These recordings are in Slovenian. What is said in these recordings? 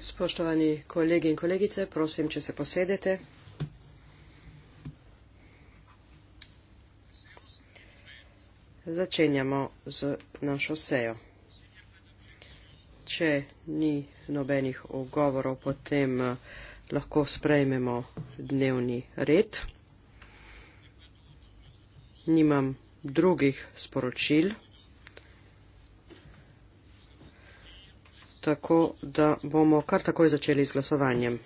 Spoštovani kolegi in kolegice, prosim, če se posedete. Začenjamo z našo sejo. Če ni nobenih ogovorov, potem eh, lahko sprejmemo dnevni red. Nimam drugih sporočil. Tako da bomo kar takoj začeli z glasovanjem.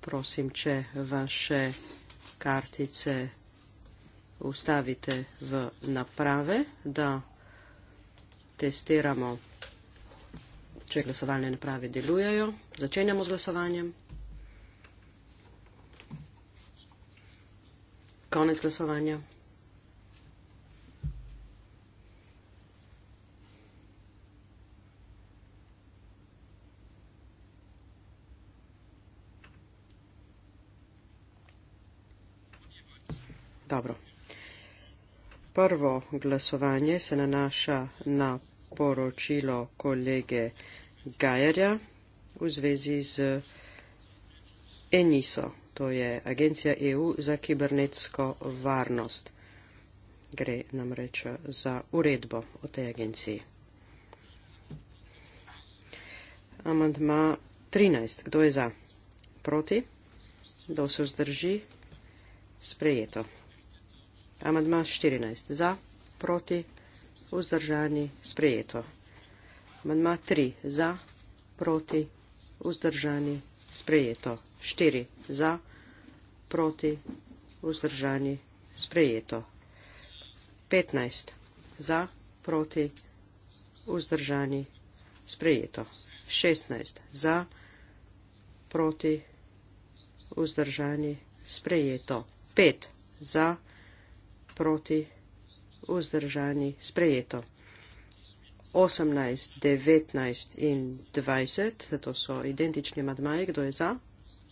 Prosim, če vaše kartice ustavite v naprave, da testiramo, če glasovalne naprave delujejo. Začenjamo z glasovanjem. Konec glasovanja. Dobro. Prvo glasovanje se nanaša na poročilo kolege Gajerja v zvezi z ENISO, to je Agencija EU za kibernetsko varnost. Gre namreč za uredbo o tej agenciji. Amandma 13. Kdo je za? Proti? Kdo se vzdrži? Sprejeto. Amandma 14 za, proti, vzdržani, sprejeto. Amandma 3 za, proti, vzdržani, sprejeto. 4 za, proti, vzdržani, sprejeto. 15 za, proti, vzdržani, sprejeto. 16 za, proti, vzdržani, sprejeto. 5 za, proti, vzdržani, sprejeto proti, vzdržani, sprejeto. 18, 19 in 20, to so identični madmaji, kdo je za,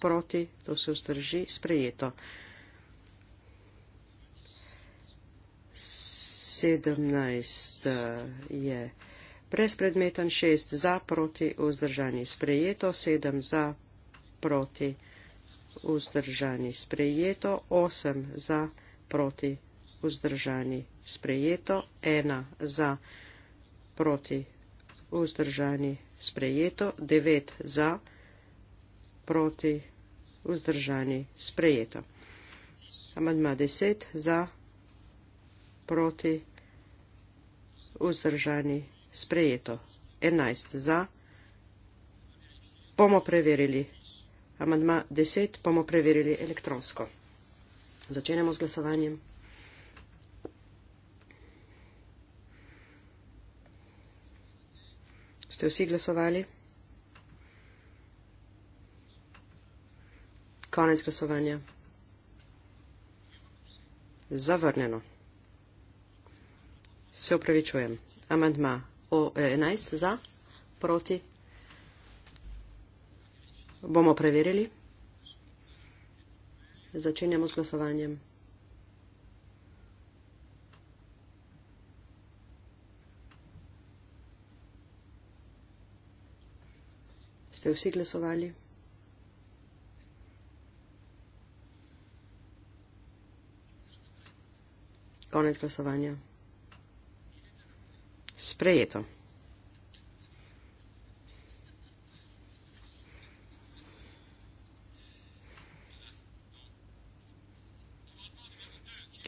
proti, to se vzdrži, sprejeto. 17 eh, je brezpredmeten, 6 za, proti, vzdržani, sprejeto, 7 za, proti, vzdržani, sprejeto, 8 za, proti, vzdržani, sprejeto, ena za, proti vzdržani, sprejeto, devet za, proti vzdržani, sprejeto. Amadma deset za, proti vzdržani, sprejeto, enajst za, bomo preverili. Amadma deset bomo preverili elektronsko. Začenjamo z glasovanjem. Ste vsi glasovali? Konec glasovanja. Zavrnjeno. Se upravičujem. Amandma o 11 za, proti. Bomo preverili. Začenjamo s glasovanjem. ste vsi glasovali. Konec glasovanja. Sprejeto.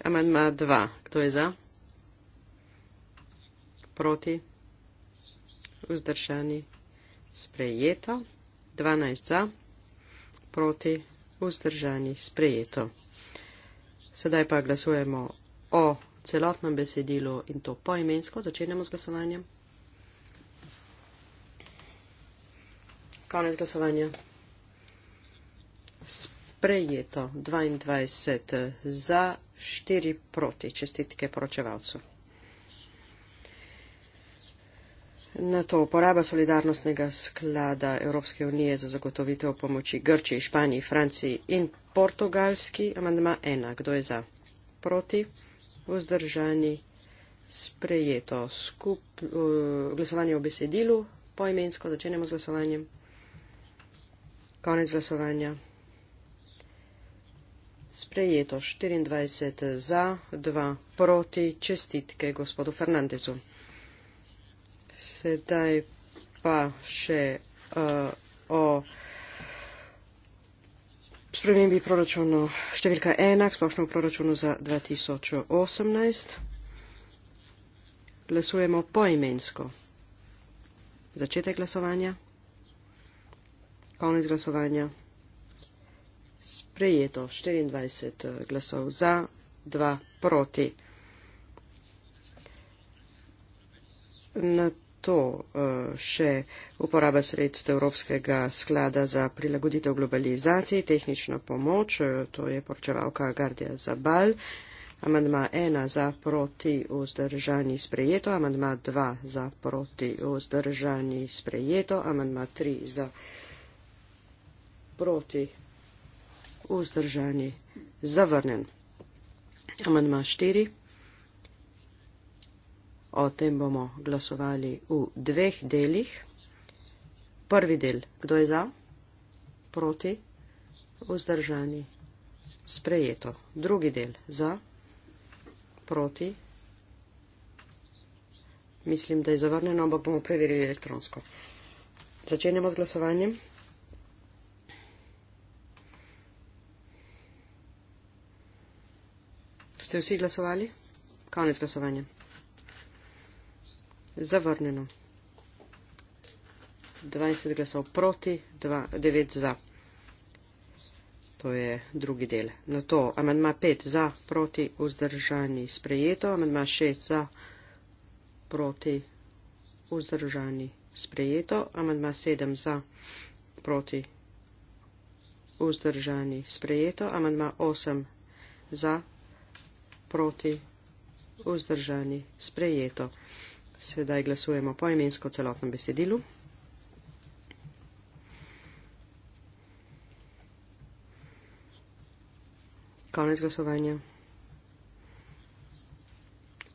Amandma 2. Kdo je za? Proti? Vzdržani? sprejeto, 12 za, proti vzdržanih sprejeto. Sedaj pa glasujemo o celotnem besedilu in to poimensko, začenjamo z glasovanjem. Konec glasovanja. Sprejeto 22 za 4 proti. Čestitke poročevalcu. na to uporaba solidarnostnega sklada Evropske unije za zagotovitev pomoči Grčiji, Španiji, Franciji in Portugalski. Amandma ena. Kdo je za? Proti? Vzdržani? Sprejeto. Skup, uh, glasovanje o besedilu poimensko. Začenjamo z glasovanjem. Konec glasovanja. Sprejeto 24 za, 2 proti. Čestitke gospodu Fernandezu. Sedaj pa še uh, o spremembi proračunu številka 1, splošno v proračunu za 2018. Glasujemo poimensko. Začetek glasovanja. Konec glasovanja. Sprejeto 24 uh, glasov za, 2 proti. Na to eh, še uporaba sredstev Evropskega sklada za prilagoditev globalizaciji, tehnično pomoč, eh, to je poročevalka Gardija Zabal. Amandma 1 za proti vzdržani sprejeto, amandma 2 za proti vzdržani sprejeto, amandma 3 za proti vzdržani zavrnen. Amandma 4. O tem bomo glasovali v dveh delih. Prvi del, kdo je za, proti, vzdržani, sprejeto. Drugi del, za, proti, mislim, da je zavrnjeno, ampak bomo preverili elektronsko. Začenjamo z glasovanjem. Ste vsi glasovali? Konec glasovanja zavrnjeno. 20 glasov proti, 9 za. To je drugi del. Na to amandma 5 za, proti, vzdržani, sprejeto. Amandma 6 za, proti, vzdržani, sprejeto. Amandma 7 za, proti, vzdržani, sprejeto. Amandma 8 za, proti, vzdržani, sprejeto. Sedaj glasujemo po imensko celotnem besedilu. Konec glasovanja.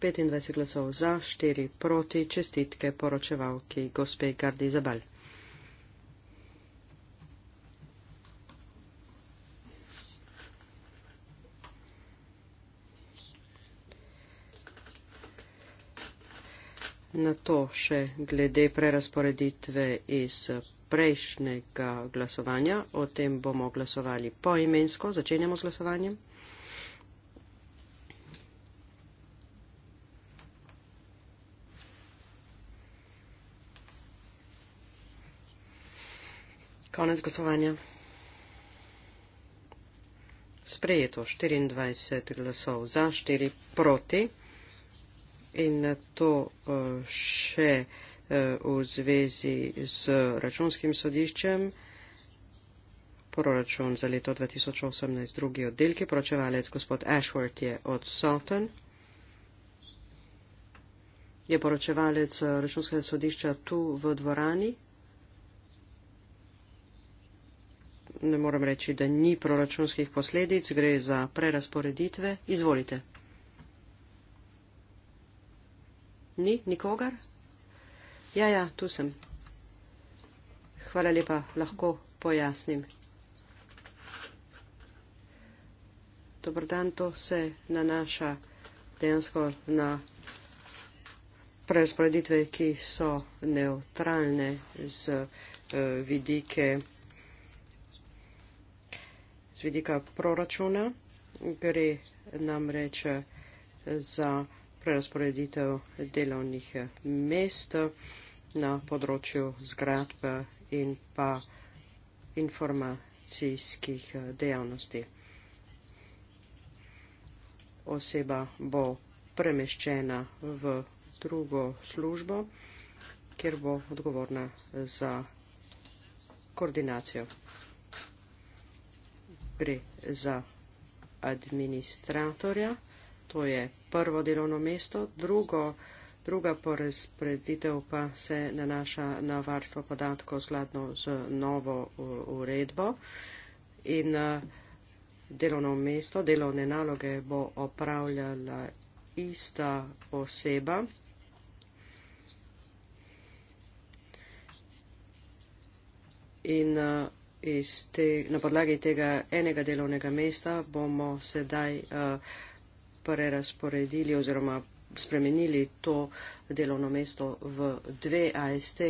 25 glasov za, 4 proti, čestitke poročevalki gospe Gardi Zabal. na to še glede prerasporeditve iz prejšnjega glasovanja. O tem bomo glasovali poimensko. Začenjamo z glasovanjem. Konec glasovanja. Sprejeto 24 glasov za, 4 proti in na to eh, še eh, v zvezi z računskim sodiščem. Proračun za leto 2018, drugi oddelki, poročevalec gospod Ashworth je odsoten. Je poročevalec eh, računskega sodišča tu v dvorani? Ne morem reči, da ni proračunskih posledic, gre za prerasporeditve. Izvolite. Ni nikogar? Ja, ja, tu sem. Hvala lepa, lahko pojasnim. Dobro dan, to se nanaša dejansko na preusporeditve, ki so neutralne z eh, vidike, z vidika proračuna. Gre namreč eh, za prerasporeditev delovnih eh, mest eh, na področju zgradb eh, in pa informacijskih dejavnosti. Oseba bo premeščena v drugo službo, kjer bo odgovorna za koordinacijo. Gre za administratorja. To je prvo delovno mesto, drugo, druga porazpreditev pa se nanaša na varstvo podatkov skladno z novo uredbo in eh, delovno mesto, delovne naloge bo opravljala ista oseba. In eh, te, na podlagi tega enega delovnega mesta bomo sedaj uh, prerasporedili oziroma spremenili to delovno mesto v dve AST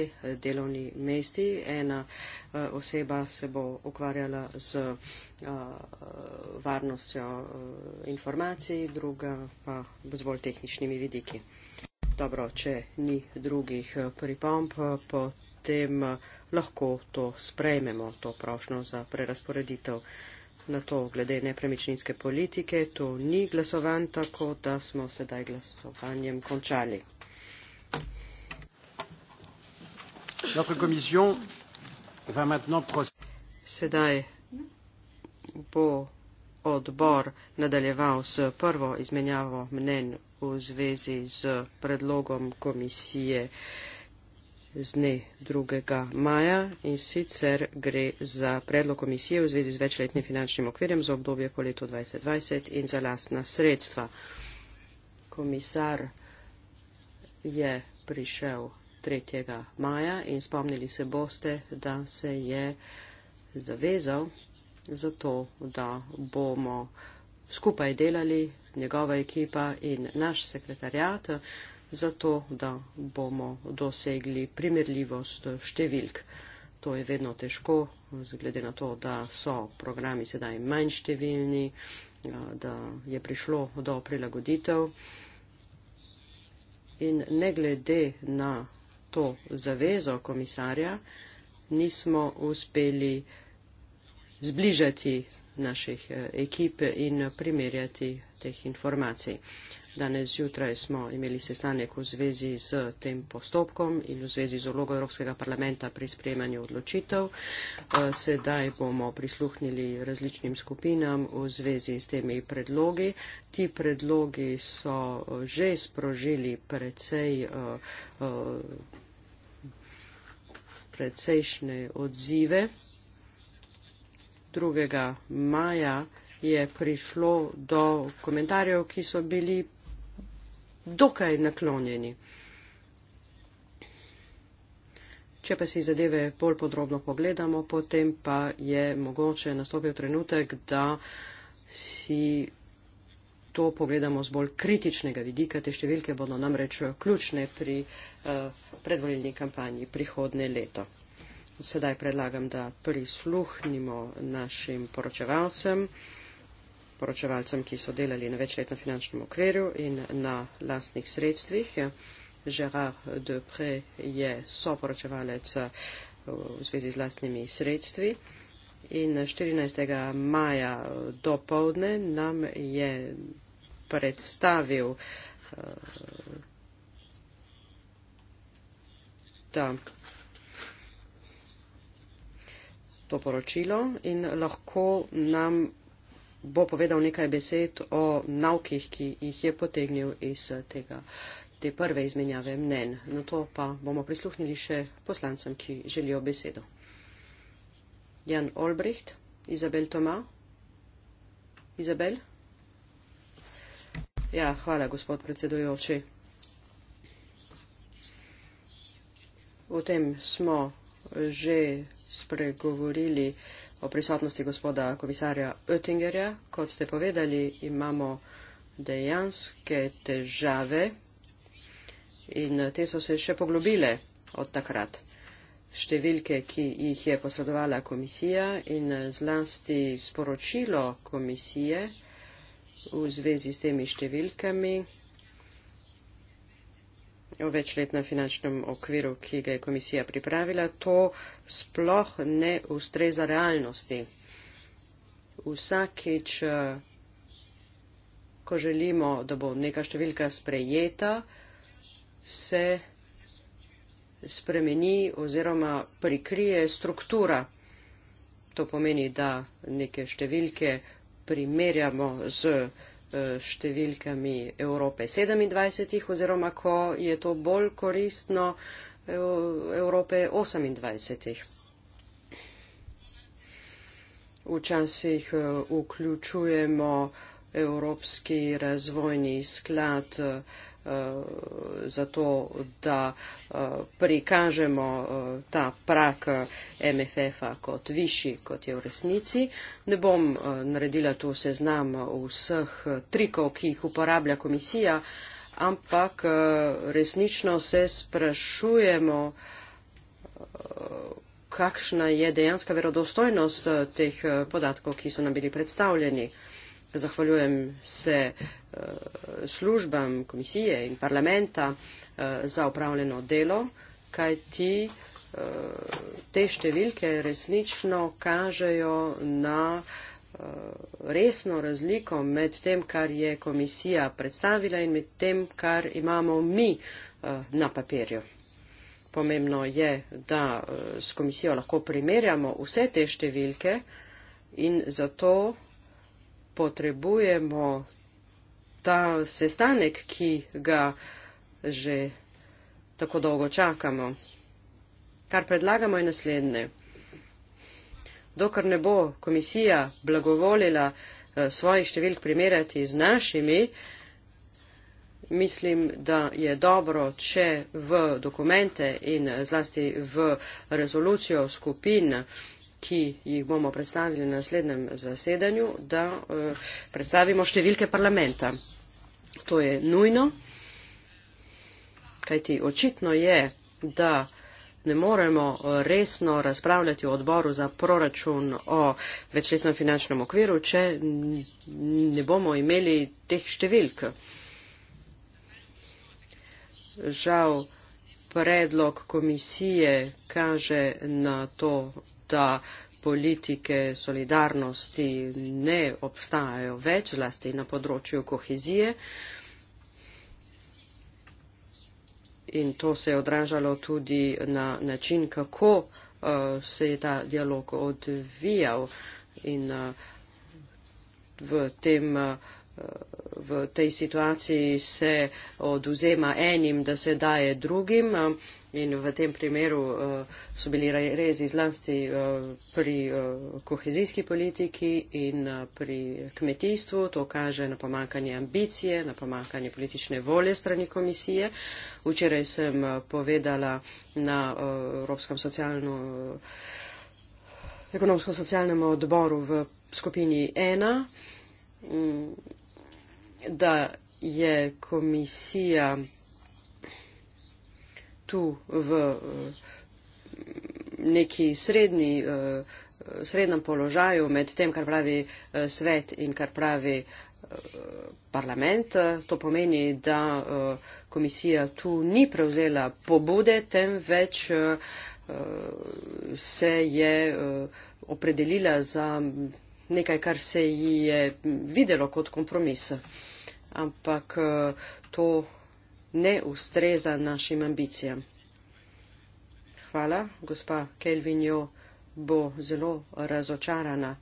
delovni mesti. Ena eh, oseba se bo ukvarjala z eh, varnostjo eh, informacij, druga pa z bolj tehničnimi vidiki. Dobro, če ni drugih pripomp, potem lahko to sprejmemo, to prošnjo za prerasporeditev na to glede nepremičninske politike. To ni glasovan, tako da smo sedaj glasovanjem končali. Sedaj bo odbor nadaljeval s prvo izmenjavo mnen v zvezi z predlogom komisije z dne 2. maja in sicer gre za predlog komisije v zvezi z večletnim finančnim okvirjem za obdobje po letu 2020 in za lastna sredstva. Komisar je prišel 3. maja in spomnili se boste, da se je zavezal za to, da bomo skupaj delali, njegova ekipa in naš sekretarjat, zato, da bomo dosegli primerljivost številk. To je vedno težko, glede na to, da so programi sedaj manj številni, da je prišlo do prilagoditev. In ne glede na to zavezo komisarja, nismo uspeli zbližati naših e, ekip in primerjati teh informacij. Danes jutraj smo imeli sestanek v zvezi z tem postopkom in v zvezi z ologo Evropskega parlamenta pri sprejemanju odločitev. Eh, sedaj bomo prisluhnili različnim skupinam v zvezi s temi predlogi. Ti predlogi so eh, že sprožili precej eh, precejšnje odzive. 2. maja je prišlo do komentarjev, ki so bili dokaj naklonjeni. Če pa si zadeve bolj podrobno pogledamo, potem pa je mogoče nastopil trenutek, da si to pogledamo z bolj kritičnega vidika. Te številke bodo namreč ključne pri uh, eh, predvoljeni kampanji prihodne leto. Sedaj predlagam, da prisluhnimo našim poročevalcem. Uh, poročevalcem, ki so delali na večletnem finančnem okvirju in na lastnih sredstvih. Gerard Depre je soporočevalec eh, v zvezi z lastnimi sredstvi. In 14. maja eh, do povdne nam je predstavil eh, ta, to poročilo in lahko nam bo povedal nekaj besed o navkih, ki jih je potegnil iz tega, te prve izmenjave mnen. Na to pa bomo prisluhnili še poslancem, ki želijo besedo. Jan Olbricht, Izabel Toma. Izabel? Ja, hvala, gospod predsedujoči. O tem smo že spregovorili o prisotnosti gospoda komisarja Oettingerja. Kot ste povedali, imamo dejanske težave in te so se še poglobile od takrat. Številke, ki jih je posredovala komisija in zlasti sporočilo komisije v zvezi s temi številkami v večletnem finančnem okviru, ki ga je komisija pripravila, to sploh ne ustreza realnosti. Vsakič, eh, ko želimo, da bo neka številka sprejeta, se spremeni oziroma prikrije struktura. To pomeni, da neke številke primerjamo z Eh, številkami Evrope 27 oziroma ko je to bolj koristno eh, Evrope 28. Včasih eh, vključujemo Evropski razvojni sklad uh, Eh, za to, da eh, prikažemo eh, ta prak MFF-a kot višji, kot je v resnici. Ne bom naredila tu seznam vseh trikov, ki jih uporablja komisija, ampak resnično se sprašujemo, kakšna je dejanska verodostojnost teh podatkov, ki so nam bili predstavljeni. Zahvaljujem se eh, službam komisije in parlamenta eh, za upravljeno delo, kaj ti eh, te številke resnično kažejo na resno razliko med tem, kar je komisija predstavila in med tem, kar imamo mi na papirju. Pomembno je, da s komisijo lahko primerjamo vse te številke in zato potrebujemo ta sestanek, ki ga že tako dolgo čakamo. Kar predlagamo je naslednje. Dokler ne bo komisija blagovolila eh, svojih številk primerjati z našimi, mislim, da je dobro, če v dokumente in eh, zlasti v rezolucijo skupin ki jih bomo predstavili na naslednjem zasedanju, da eh, predstavimo številke parlamenta. To je nujno, kajti očitno je, da ne moremo eh, resno razpravljati v odboru za proračun o večletnem finančnem okviru, če ne bomo imeli teh številk. Žal, predlog komisije kaže na to, da politike solidarnosti ne obstajajo več, zlasti na področju kohezije. In to se je odražalo tudi na način, kako uh, se je ta dialog odvijal. In uh, v, tem, uh, v tej situaciji se oduzema enim, da se daje drugim. Uh, In v tem primeru uh, so bili rezi zlasti uh, pri uh, kohezijski politiki in uh, pri kmetijstvu. To kaže na pomankanje ambicije, na pomankanje politične volje strani komisije. Včeraj sem uh, povedala na uh, Evropskem socialno, uh, ekonomsko-socialnem odboru v skupini 1, um, mm, da je komisija tu v eh, neki srednji, eh, srednjem položaju med tem, kar pravi eh, svet in kar pravi parlament. To pomeni, da komisija tu ni prevzela pobude, temveč se je opredelila za nekaj, kar se ji je videlo kot kompromis. Ampak to ne ustreza našim ambicijam. Hvala, gospa Kelvinjo bo zelo razočarana,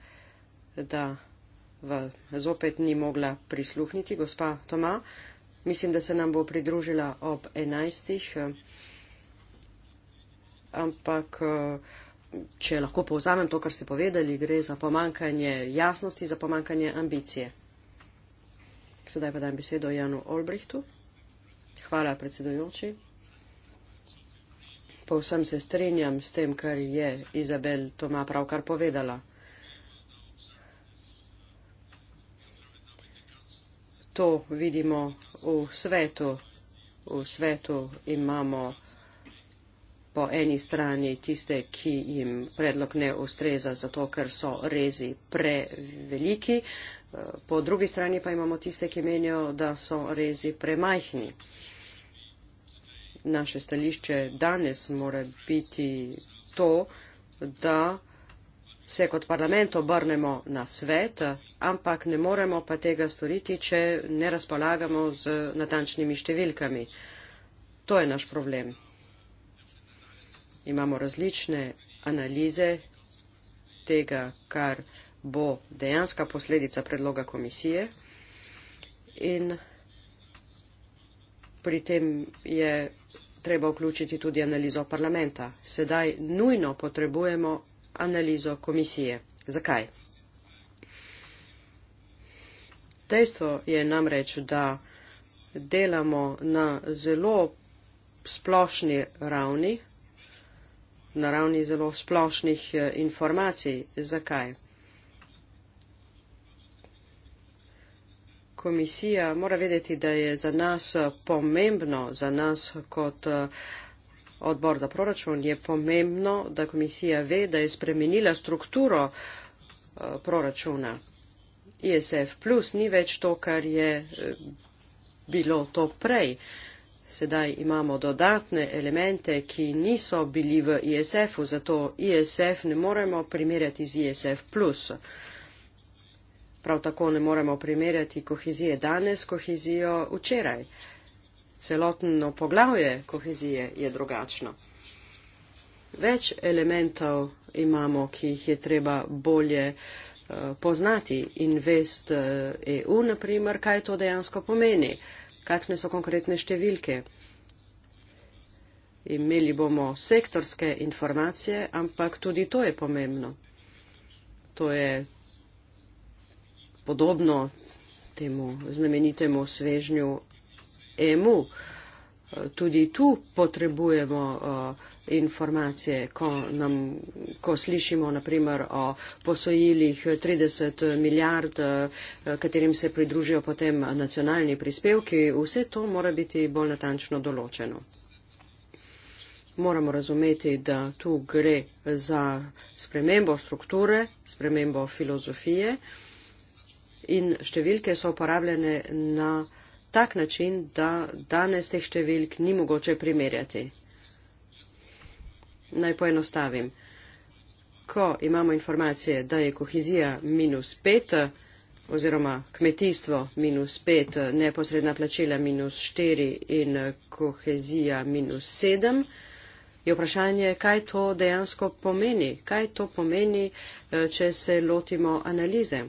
da zopet ni mogla prisluhniti. Gospa Toma, mislim, da se nam bo pridružila ob enajstih, ampak če lahko povzamem to, kar ste povedali, gre za pomankanje jasnosti, za pomankanje ambicije. Sedaj pa dam besedo Janu Olbrichtu. Hvala, predsedujoči. Povsem se strinjam s tem, kar je Izabel Toma pravkar povedala. To vidimo v svetu. V svetu imamo po eni strani tiste, ki jim predlog ne ustreza, zato ker so rezi preveliki, eh, po drugi strani pa imamo tiste, ki menijo, da so rezi premajhni naše stališče danes mora biti to, da se kot parlament obrnemo na svet, ampak ne moremo pa tega storiti, če ne razpolagamo z natančnimi številkami. To je naš problem. Imamo različne analize tega, kar bo dejanska posledica predloga komisije in pri tem je treba vključiti tudi analizo parlamenta. Sedaj nujno potrebujemo analizo komisije. Zakaj? Dejstvo je namreč, da delamo na zelo splošni ravni, na ravni zelo splošnih eh, informacij. Zakaj? komisija mora vedeti, da je za nas eh, pomembno, za nas kot eh, odbor za proračun, je pomembno, da komisija ve, da je spremenila strukturo eh, proračuna. ISF plus ni več to, kar je bilo to prej. Sedaj imamo dodatne elemente, ki niso bili v ISF-u, zato ISF ne moremo primerjati z ISF plus. Prav tako ne moremo primerjati kohezije danes s kohezijo včeraj. Celotno poglavje kohezije je drugačno. Več elementov imamo, ki jih je treba bolje uh, poznati. Invest uh, eh, EU, naprimer, kaj to dejansko pomeni, kakšne so konkretne številke. Imeli bomo sektorske informacije, ampak tudi to je pomembno. To je podobno temu znamenitemu svežnju EMU. Tudi tu potrebujemo uh, informacije, ko, nam, ko slišimo naprimer o posojilih 30 milijard, uh, katerim se pridružijo potem nacionalni prispevki. Vse to mora biti bolj natančno določeno. Moramo razumeti, da tu gre za spremembo strukture, spremembo filozofije. Uh, In številke so uporabljene na tak način, da danes teh številk ni mogoče primerjati. Naj poenostavim. Ko imamo informacije, da je kohezija minus pet oziroma kmetijstvo minus pet, neposredna plačila minus štiri in kohezija minus sedem, je vprašanje, kaj to dejansko pomeni, kaj to pomeni, eh, če se lotimo analize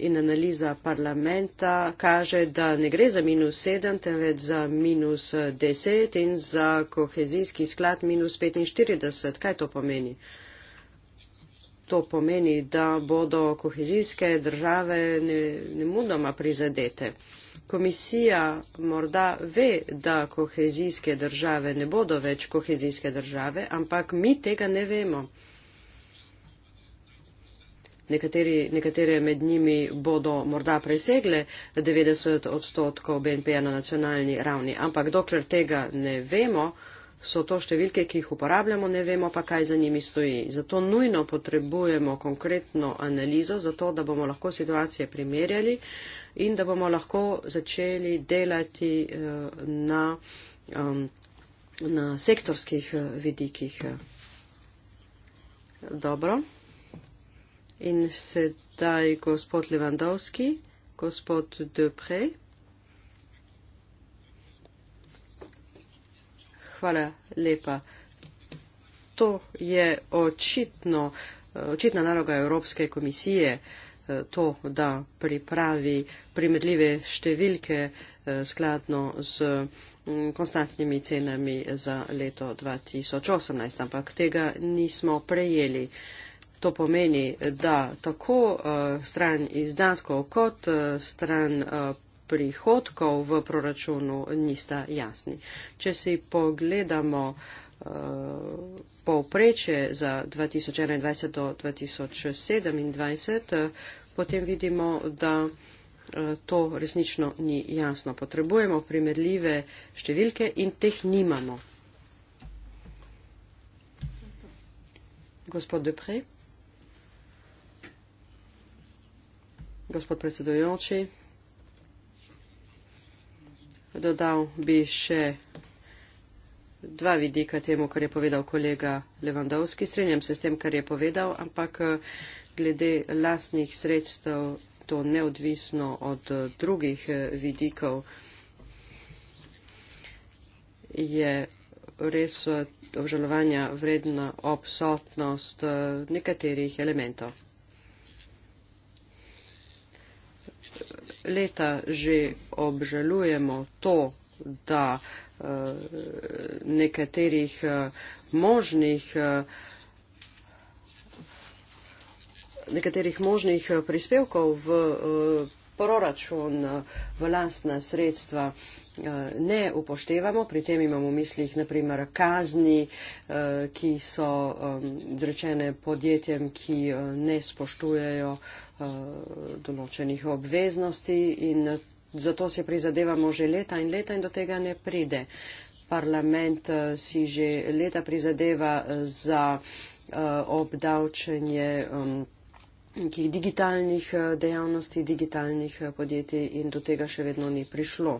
in analiza parlamenta kaže, da ne gre za minus sedem, temveč za minus deset in za kohezijski sklad minus petinštirideset. Kaj to pomeni? To pomeni, da bodo kohezijske države nemudoma ne prizadete. Komisija morda ve, da kohezijske države ne bodo več kohezijske države, ampak mi tega ne vemo. Nekateri, nekatere med njimi bodo morda presegle 90 odstotkov BNP-ja na nacionalni ravni, ampak dokler tega ne vemo, so to številke, ki jih uporabljamo, ne vemo pa, kaj za njimi stoji. Zato nujno potrebujemo konkretno analizo, zato da bomo lahko situacije primerjali in da bomo lahko začeli delati eh, na, na sektorskih eh, vidikih. Dobro. In sedaj gospod Levandovski, gospod Dupre. Hvala lepa. To je očitno, očitna naloga Evropske komisije, eh, to, da pripravi primerljive številke eh, skladno z mm, konstantnimi cenami za leto 2018, ampak tega nismo prejeli. To pomeni, da tako uh, stran izdatkov kot uh, stran uh, prihodkov v proračunu nista jasni. Če si pogledamo uh, povprečje za 2021 do 2027, uh, potem vidimo, da To resnično ni jasno. Potrebujemo primerljive številke in teh nimamo. Gospod Deprej. gospod predsedujoči. Dodal bi še dva vidika temu, kar je povedal kolega Levandovski. Strenjam se s tem, kar je povedal, ampak eh, glede lastnih sredstev to neodvisno od eh, drugih eh, vidikov je res obžalovanja vredna obsotnost nekaterih elementov. leta že obžalujemo to, da eh, eh, eh, nekaterih možnih nekaterih možnih prispevkov v proračun, v lastna sredstva ne upoštevamo. Pri tem imamo v mislih naprimer kazni, ki so izrečene podjetjem, ki ne spoštujejo Eh, določenih obveznosti in zato se prizadevamo že leta in leta in do tega ne pride. Parlament eh, si že leta prizadeva eh, za obdavčenje um, digitalnih dejavnosti, digitalnih podjetij in do tega še vedno ni prišlo.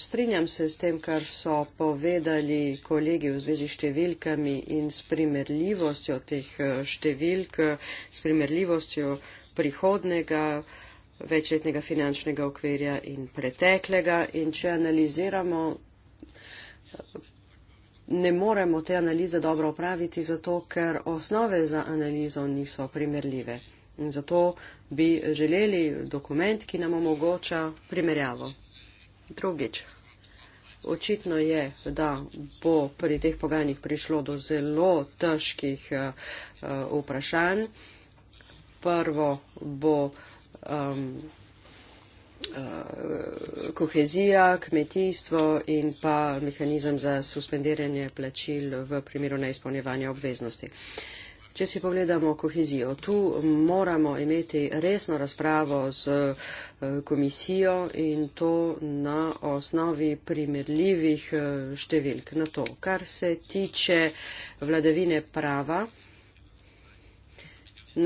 strinjam se s tem, kar so povedali kolegi v zvezi s številkami in s primerljivostjo teh eh, številk, s primerljivostjo prihodnega večletnega finančnega okvirja in preteklega. In če analiziramo, eh, ne moremo te analize dobro opraviti, zato ker osnove za analizo niso primerljive. In zato bi želeli dokument, ki nam omogoča primerjavo. Drugič očitno je, da bo pri teh pogajanjih prišlo do zelo težkih eh, eh, vprašanj. Prvo bo um, kohezija, kmetijstvo in pa mehanizem za suspendiranje plačil v primeru neizpolnjevanja obveznosti. Če si pogledamo kohezijo, tu moramo imeti resno razpravo z eh, komisijo in to na osnovi primerljivih eh, številk na to. Kar se tiče vladavine prava,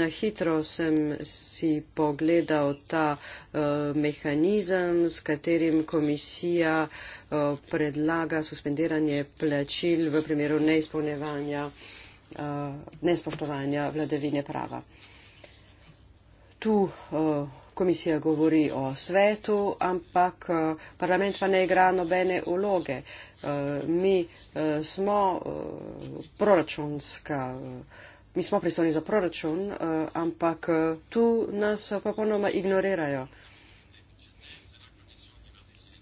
na hitro sem si pogledal ta eh, mehanizem, s katerim komisija predlaga suspendiranje plačil v primeru neizpolnevanja uh, nespoštovanja vladavine prava. Tu uh, komisija govori o svetu, ampak uh, parlament pa ne igra nobene uloge. Uh, mi uh, smo uh, proračunska. Uh, Mi smo pristojni za proračun, ampak tu nas popolnoma ignorirajo.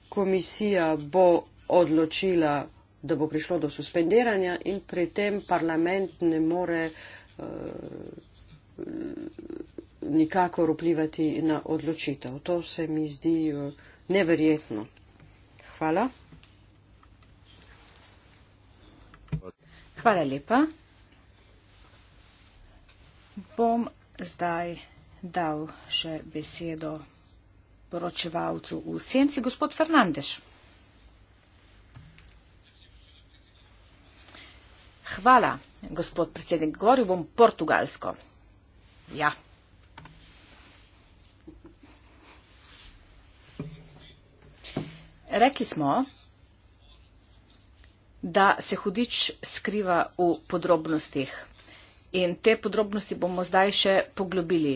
Komisija bo odločila da bo prišlo do suspendiranja in pri tem parlament ne more uh, nikakor vplivati na odločitev. To se mi zdi eh, neverjetno. Hvala. Hvala lepa. Bom zdaj dal še besedo poročevalcu v senci, gospod Fernandez. Hvala, gospod predsednik. Govoril bom portugalsko. Ja. Rekli smo, da se hudič skriva v podrobnostih. In te podrobnosti bomo zdaj še poglobili.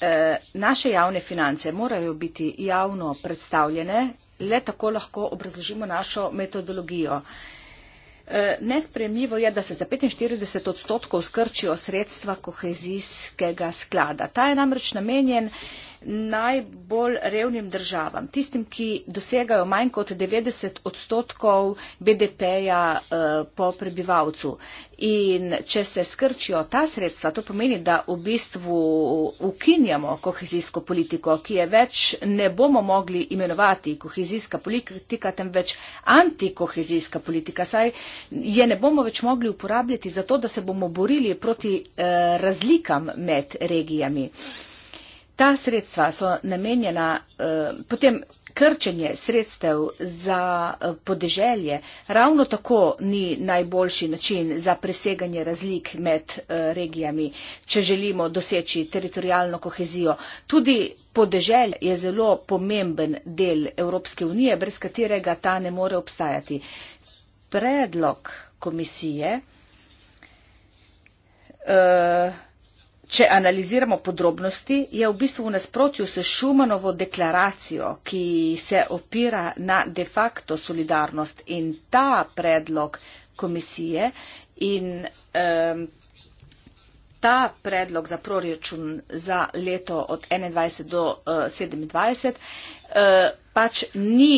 E, naše javne finance morajo biti javno predstavljene Le tako lahko obrazložimo našo metodologijo. E, nespremljivo je, da se za 45 odstotkov skrčijo sredstva kohezijskega sklada. Ta je namreč namenjen najbolj revnim državam, tistim, ki dosegajo manj kot 90 odstotkov BDP-ja eh, po prebivalcu. In če se skrčijo ta sredstva, to pomeni, da v bistvu ukinjamo kohezijsko politiko, ki je več ne bomo mogli imenovati kohezijska politika, temveč antikohezijska politika, saj je ne bomo več mogli uporabljati za to, da se bomo borili proti eh, razlikam med regijami. Eh, Ta sredstva so namenjena uh, potem krčenje sredstev za eh, podeželje. Ravno tako ni najboljši način za preseganje razlik med uh, regijami, če želimo doseči teritorijalno kohezijo. Tudi podeželj je zelo pomemben del Evropske unije, brez katerega ta ne more obstajati. Predlog komisije. Uh, Če analiziramo podrobnosti, je v bistvu v nasprotju s Šumanovo deklaracijo, ki se opira na de facto solidarnost in ta predlog komisije in um, ta predlog za proračun za leto od 21 do uh, 27 uh, pač ni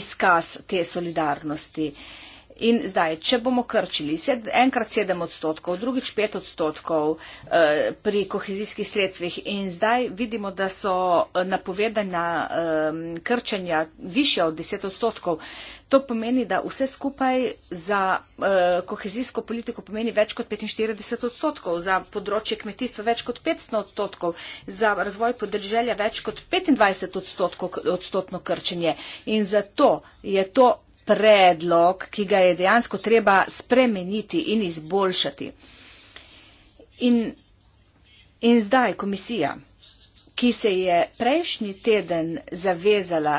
izkaz te solidarnosti. Uh, In zdaj, če bomo krčili sed, enkrat 7 odstotkov, drugič 5 odstotkov e, pri kohezijskih sredstvih in zdaj vidimo, da so eh, napovedana e, krčenja više od 10 odstotkov, to pomeni, da vse skupaj za e, kohezijsko politiko pomeni več kot 45 odstotkov, za področje kmetijstva več kot 500 odstotkov, za razvoj podrželja več kot 25 odstotkov odstotno krčenje. In zato je to predlog, ki ga je dejansko treba spremeniti in izboljšati. In, in zdaj komisija, ki se je prejšnji teden zavezala,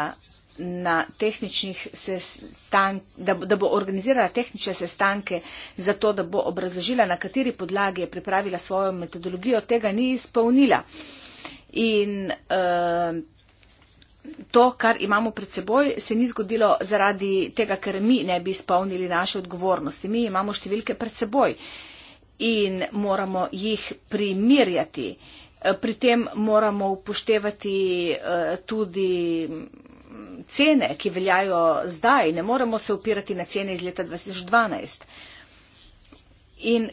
sestank, da, da bo organizirala tehnične sestanke za to, da bo obrazložila, na kateri podlagi je pripravila svojo metodologijo, tega ni izpolnila. In, uh, to, kar imamo pred seboj, se ni zgodilo zaradi tega, ker mi ne bi izpolnili naše odgovornosti. Mi imamo številke pred seboj in moramo jih primirjati. Pri tem moramo upoštevati eh, tudi mm, cene, ki veljajo zdaj. Ne moramo se upirati na cene iz leta 2012. In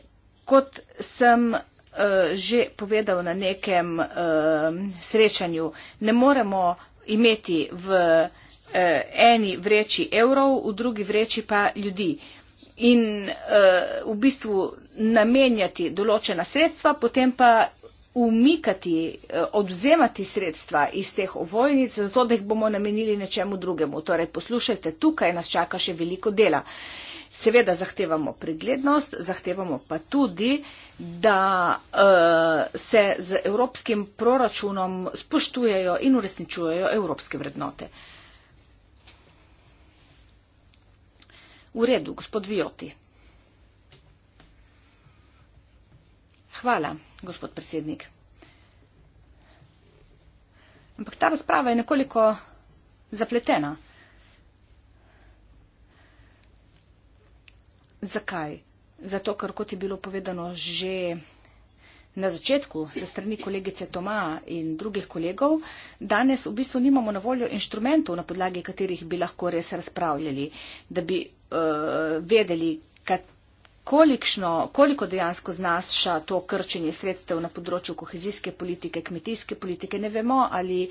kot sem eh, že povedal na nekem eh, srečanju, ne moremo imeti v eh, eni vreči evrov, v drugi vreči pa ljudi. In eh, v bistvu namenjati določena sredstva, potem pa umikati, eh, odvzemati sredstva iz teh ovojnic, zato da jih bomo namenili nečemu drugemu. Torej, poslušajte, tukaj nas čaka še veliko dela. Seveda zahtevamo preglednost, zahtevamo pa tudi, da uh, se z evropskim proračunom spoštujejo in uresničujejo evropske vrednote. V redu, gospod Vijoti. Hvala, gospod predsednik. Ampak ta razprava je nekoliko zapletena. Zakaj? Zato, ker kot je bilo povedano že na začetku se strani kolegice Toma in drugih kolegov, danes v bistvu nimamo na voljo inštrumentov, na podlagi katerih bi lahko res razpravljali, da bi uh, vedeli, kat, kolikšno, koliko dejansko znaša to krčenje sredstev na področju kohezijske politike, kmetijske politike, ne vemo, ali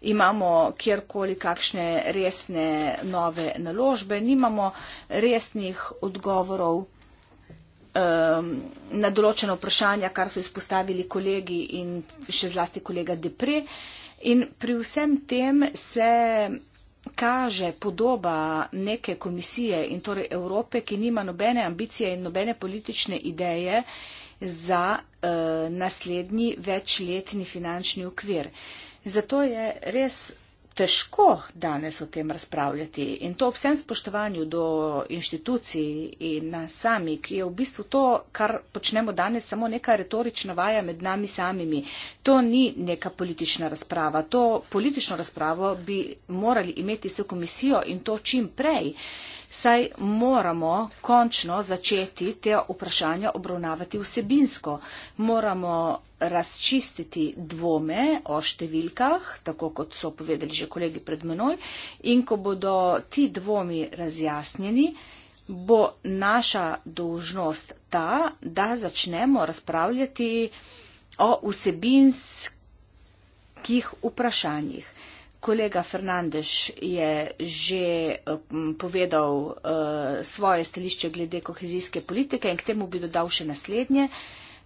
imamo kjerkoli kakšne resne nove naložbe, nimamo resnih odgovorov na določena vprašanja, kar so izpostavili kolegi in še zlasti kolega Depre. In pri vsem tem se kaže podoba neke komisije in torej Evrope, ki nima nobene ambicije in nobene politične ideje za eh, naslednji večletni finančni okvir. Zato je res težko danes o tem razpravljati in to ob vsem spoštovanju do inštitucij in nas sami, ki je v bistvu to, kar počnemo danes, samo neka retorična vaja med nami samimi. To ni neka politična razprava. To politično razpravo bi morali imeti s komisijo in to čim prej. Uh, saj moramo končno začeti te vprašanja obravnavati vsebinsko. Moramo razčistiti dvome o številkah, tako kot so povedali že kolegi pred menoj, in ko bodo ti dvomi razjasnjeni, bo naša dolžnost ta, da začnemo razpravljati o vsebinskih vprašanjih. Kolega Fernandeš je že eh, povedal eh, svoje stališče glede kohezijske politike in k temu bi dodal še naslednje.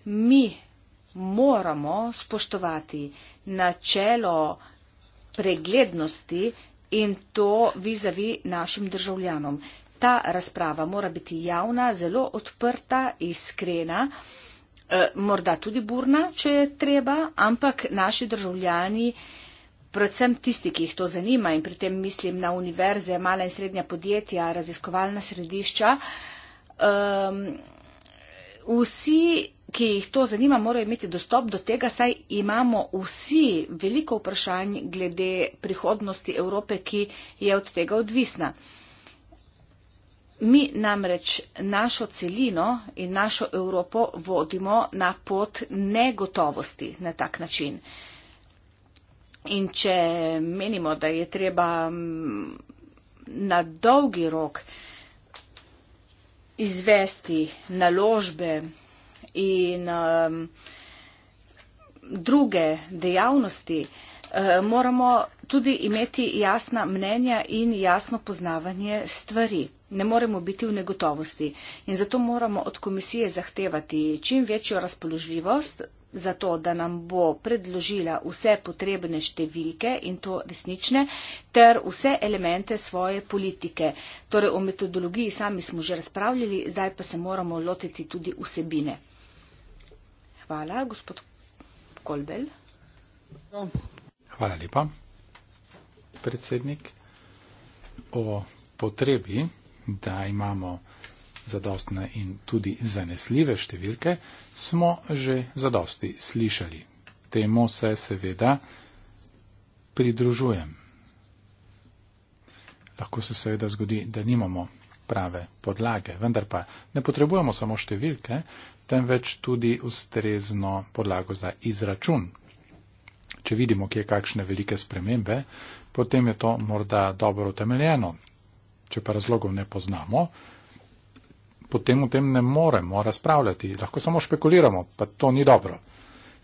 Mi moramo spoštovati načelo preglednosti in to vizavi našim državljanom. Ta razprava mora biti javna, zelo odprta, iskrena, eh, morda tudi burna, če je treba, ampak naši državljani predvsem tisti, ki jih to zanima in pri tem mislim na univerze, mala in srednja podjetja, raziskovalna središča, um, vsi, ki jih to zanima, morajo imeti dostop do tega, saj imamo vsi veliko vprašanj glede prihodnosti Evrope, ki je od tega odvisna. Mi namreč našo celino in našo Evropo vodimo na pot negotovosti na tak način. Uh, In če menimo, da je treba mm, na dolgi rok izvesti naložbe in um, druge dejavnosti, uh, moramo tudi imeti jasna mnenja in jasno poznavanje stvari. Ne moremo biti v negotovosti in zato moramo od komisije zahtevati čim večjo razpoložljivost zato, da nam bo predložila vse potrebne številke in to resnične, ter vse elemente svoje politike. Torej o metodologiji sami smo že razpravljali, zdaj pa se moramo lotiti tudi vsebine. Hvala, gospod Kolbel. Hvala lepa, predsednik. O potrebi, da imamo zadostne in tudi zanesljive številke, smo že zadosti slišali. Temu se seveda pridružujem. Lahko se seveda zgodi, da nimamo prave podlage, vendar pa ne potrebujemo samo številke, temveč tudi ustrezno podlago za izračun. Če vidimo, kje kakšne velike spremembe, potem je to morda dobro utemeljeno. Če pa razlogov ne poznamo, potem o tem ne moremo razpravljati, lahko samo špekuliramo, pa to ni dobro.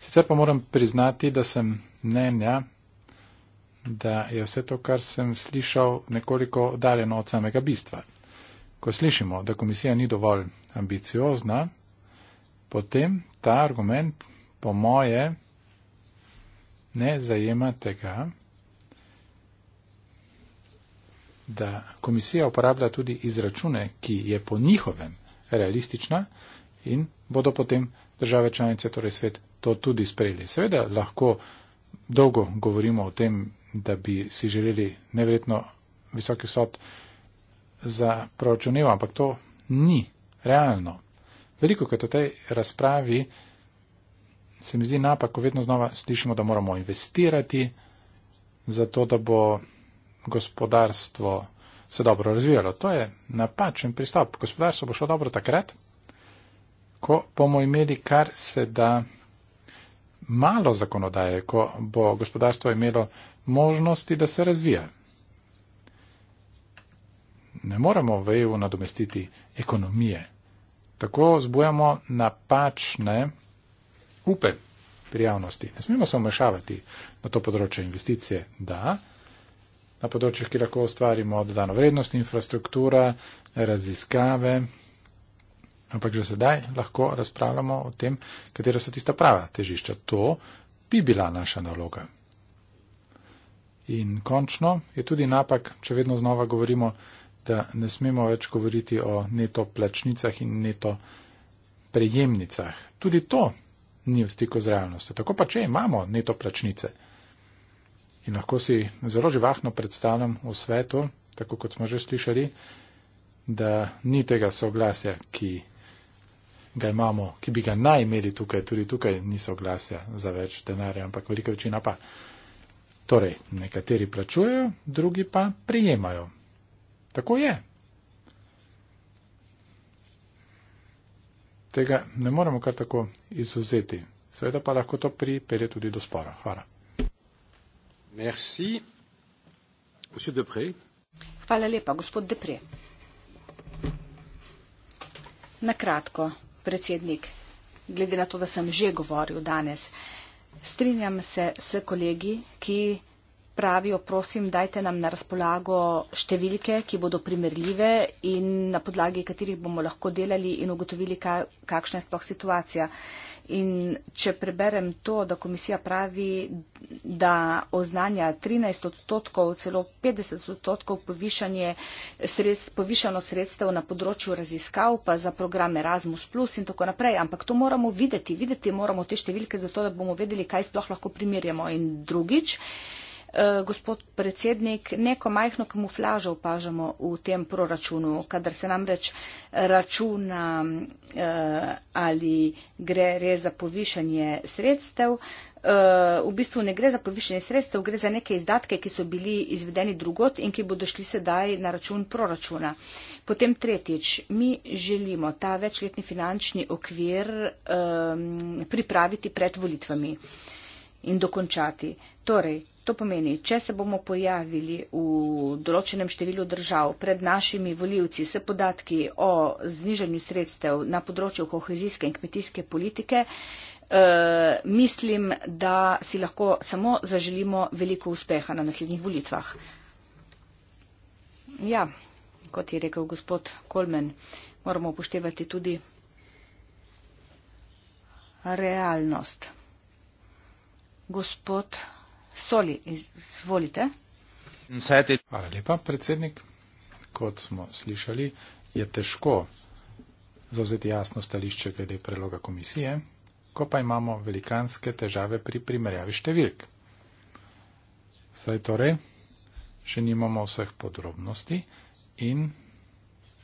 Sicer pa moram priznati, da sem mnenja, da je vse to, kar sem slišal, nekoliko daljeno od samega bistva. Ko slišimo, da komisija ni dovolj ambiciozna, potem ta argument, po moje, ne zajema tega, da komisija uporablja tudi izračune, ki je po njihovem realistična in bodo potem države članice, torej svet, to tudi sprejeli. Seveda lahko dolgo govorimo o tem, da bi si želeli neverjetno visoki sod za proračunjevo, ampak to ni realno. Veliko, kaj v tej razpravi se mi zdi napako, vedno znova slišimo, da moramo investirati za to, da bo gospodarstvo se dobro razvijalo. To je napačen pristop. Gospodarstvo bo šlo dobro takrat, ko bomo imeli kar se da malo zakonodaje, ko bo gospodarstvo imelo možnosti, da se razvija. Ne moramo v EU nadomestiti ekonomije. Tako zbujamo napačne upe pri javnosti. Ne smemo se omešavati na to področje investicije, da na področjih, ki lahko ustvarimo dodano vrednost, infrastruktura, raziskave. Ampak že sedaj lahko razpravljamo o tem, katera so tista prava težišča. To bi bila naša naloga. In končno je tudi napak, če vedno znova govorimo, da ne smemo več govoriti o neto plačnicah in neto prejemnicah. Tudi to ni v stiku z realnostjo. Tako pa, če imamo neto plačnice in lahko si zelo živahno predstavljam v svetu, tako kot smo že slišali, da ni tega soglasja, ki ga imamo, ki bi ga naj imeli tukaj, tudi tukaj ni soglasja za več denarja, ampak velika večina pa. Torej, nekateri plačujejo, drugi pa prijemajo. Tako je. Tega ne moremo kar tako izuzeti. Seveda pa lahko to pripelje tudi do spora. Hvala. Hvala lepa, gospod Depre. Na kratko, predsednik, glede na to, da sem že govoril danes, strinjam se s kolegi, ki pravijo, prosim, dajte nam na razpolago številke, ki bodo primerljive in na podlagi katerih bomo lahko delali in ugotovili, kakšna je sploh situacija. In če preberem to, da komisija pravi, da oznanja 13 odstotkov, celo 50 odstotkov sredst, povišano sredstev na področju raziskav, pa za program Erasmus Plus in tako naprej. Ampak to moramo videti, videti moramo te številke, zato da bomo vedeli, kaj sploh lahko primerjamo. In drugič, Eh, gospod predsednik, neko majhno kamuflažo opažamo v tem proračunu, kadar se nam reč računa eh, ali gre res za povišanje sredstev. Eh, v bistvu ne gre za povišanje sredstev, gre za neke izdatke, ki so bili izvedeni drugot in ki bodo šli sedaj na račun proračuna. Potem tretjič, mi želimo ta večletni finančni okvir ehm, pripraviti pred volitvami in dokončati. Torej, To pomeni, če se bomo pojavili v določenem številu držav pred našimi voljivci s podatki o znižanju sredstev na področju kohezijske in kmetijske politike, eh, mislim, da si lahko samo zaželimo veliko uspeha na naslednjih volitvah. Ja, kot je rekel gospod Kolmen, moramo upoštevati tudi realnost. Gospod Soli, izvolite. Hvala lepa, predsednik. Kot smo slišali, je težko zauzeti jasno stališče glede preloga komisije, ko pa imamo velikanske težave pri primerjavi številk. Saj torej, še nimamo vseh podrobnosti in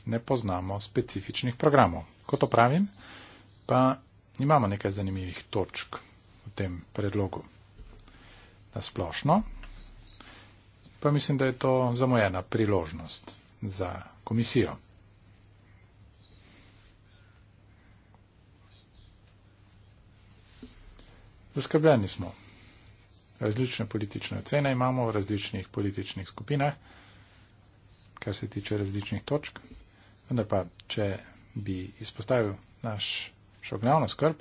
ne poznamo specifičnih programov. Kot opravim, pa imamo nekaj zanimivih točk v tem predlogu na splošno. Pa mislim, da je to zamojena priložnost za komisijo. Zaskrbljeni smo. Različne politične ocene imamo v različnih političnih skupinah, kar se tiče različnih točk. Vendar pa, če bi izpostavil naš šoglavno skrb,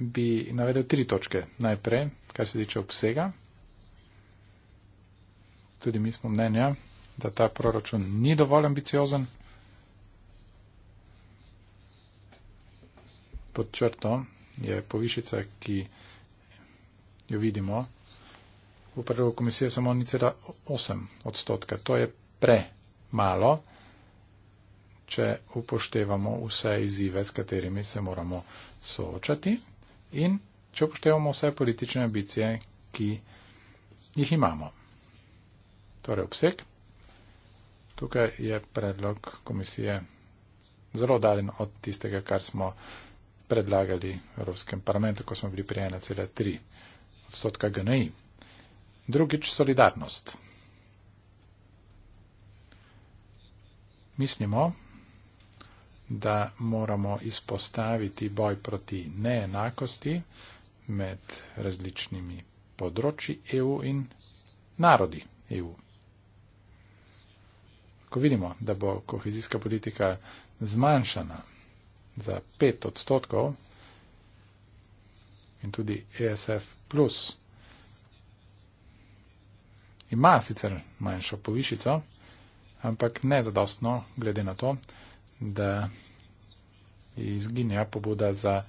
bi navedel tri točke. Najprej, kar se tiče obsega. Tudi mi smo mnenja, da ta proračun ni dovolj ambiciozen. Pod črto je povišica, ki jo vidimo. V predlogu komisije je samo 0,8 odstotka. To je premalo, če upoštevamo vse izzive, s katerimi se moramo soočati in če upoštevamo vse politične ambicije, ki jih imamo. Torej, obseg. Tukaj je predlog komisije zelo dalen od tistega, kar smo predlagali v Evropskem parlamentu, ko smo bili pri 1,3 odstotka GNI. Drugič, solidarnost. Mislimo, da moramo izpostaviti boj proti neenakosti med različnimi področji EU in narodi EU. Ko vidimo, da bo kohezijska politika zmanjšana za pet odstotkov in tudi ESF plus ima sicer manjšo povišico, ampak ne zadostno glede na to, da izginja pobuda za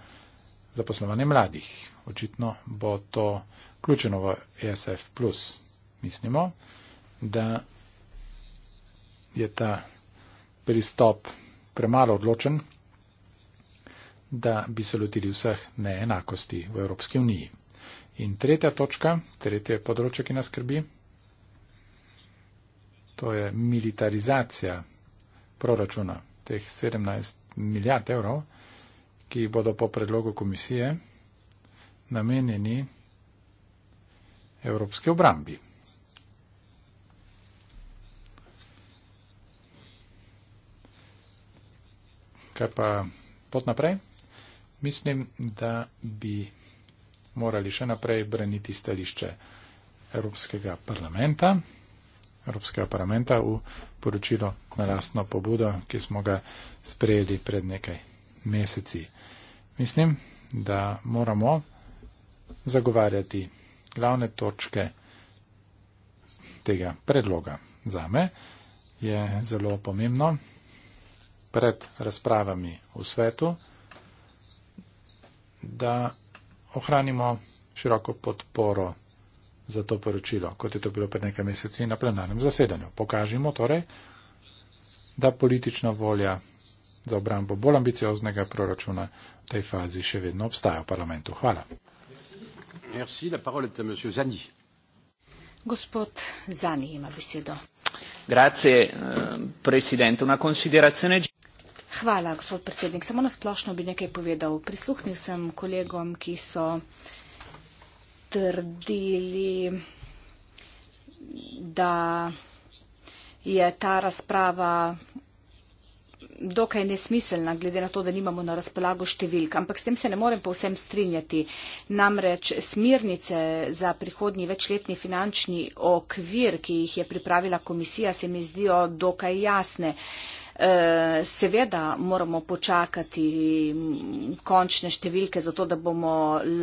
zaposlovanje mladih. Očitno bo to ključeno v ESF. Mislimo, da je ta pristop premalo odločen, da bi se lotili vseh neenakosti v Evropski uniji. In tretja točka, tretje področje, ki nas skrbi, to je militarizacija proračuna teh 17 milijard evrov, ki bodo po predlogu komisije namenjeni evropski obrambi. Kaj pa pot naprej? Mislim, da bi morali še naprej braniti stališče Evropskega parlamenta, Evropskega parlamenta v poročilo na lastno pobudo, ki smo ga sprejeli pred nekaj meseci. Mislim, da moramo zagovarjati glavne točke tega predloga. Za me je zelo pomembno pred razpravami v svetu, da ohranimo široko podporo za to poročilo, kot je to bilo pred nekaj meseci na plenarnem zasedanju. Pokažimo torej, da politična volja za obrambo bolj ambicioznega proračuna v tej fazi še vedno obstaja v parlamentu. Hvala. Merci. Merci, Gospod Zani ima besedo. Grazie, eh, presidente. Hvala, gospod predsednik. Samo na splošno bi nekaj povedal. Prisluhnil sem kolegom, ki so trdili, da je ta razprava dokaj nesmiselna, glede na to, da nimamo na razpolago številk. Ampak s tem se ne morem povsem strinjati. Namreč smirnice za prihodnji večletni finančni okvir, ki jih je pripravila komisija, se mi zdijo dokaj jasne. Uh, Eh, seveda moramo počakati mm, končne številke, zato da bomo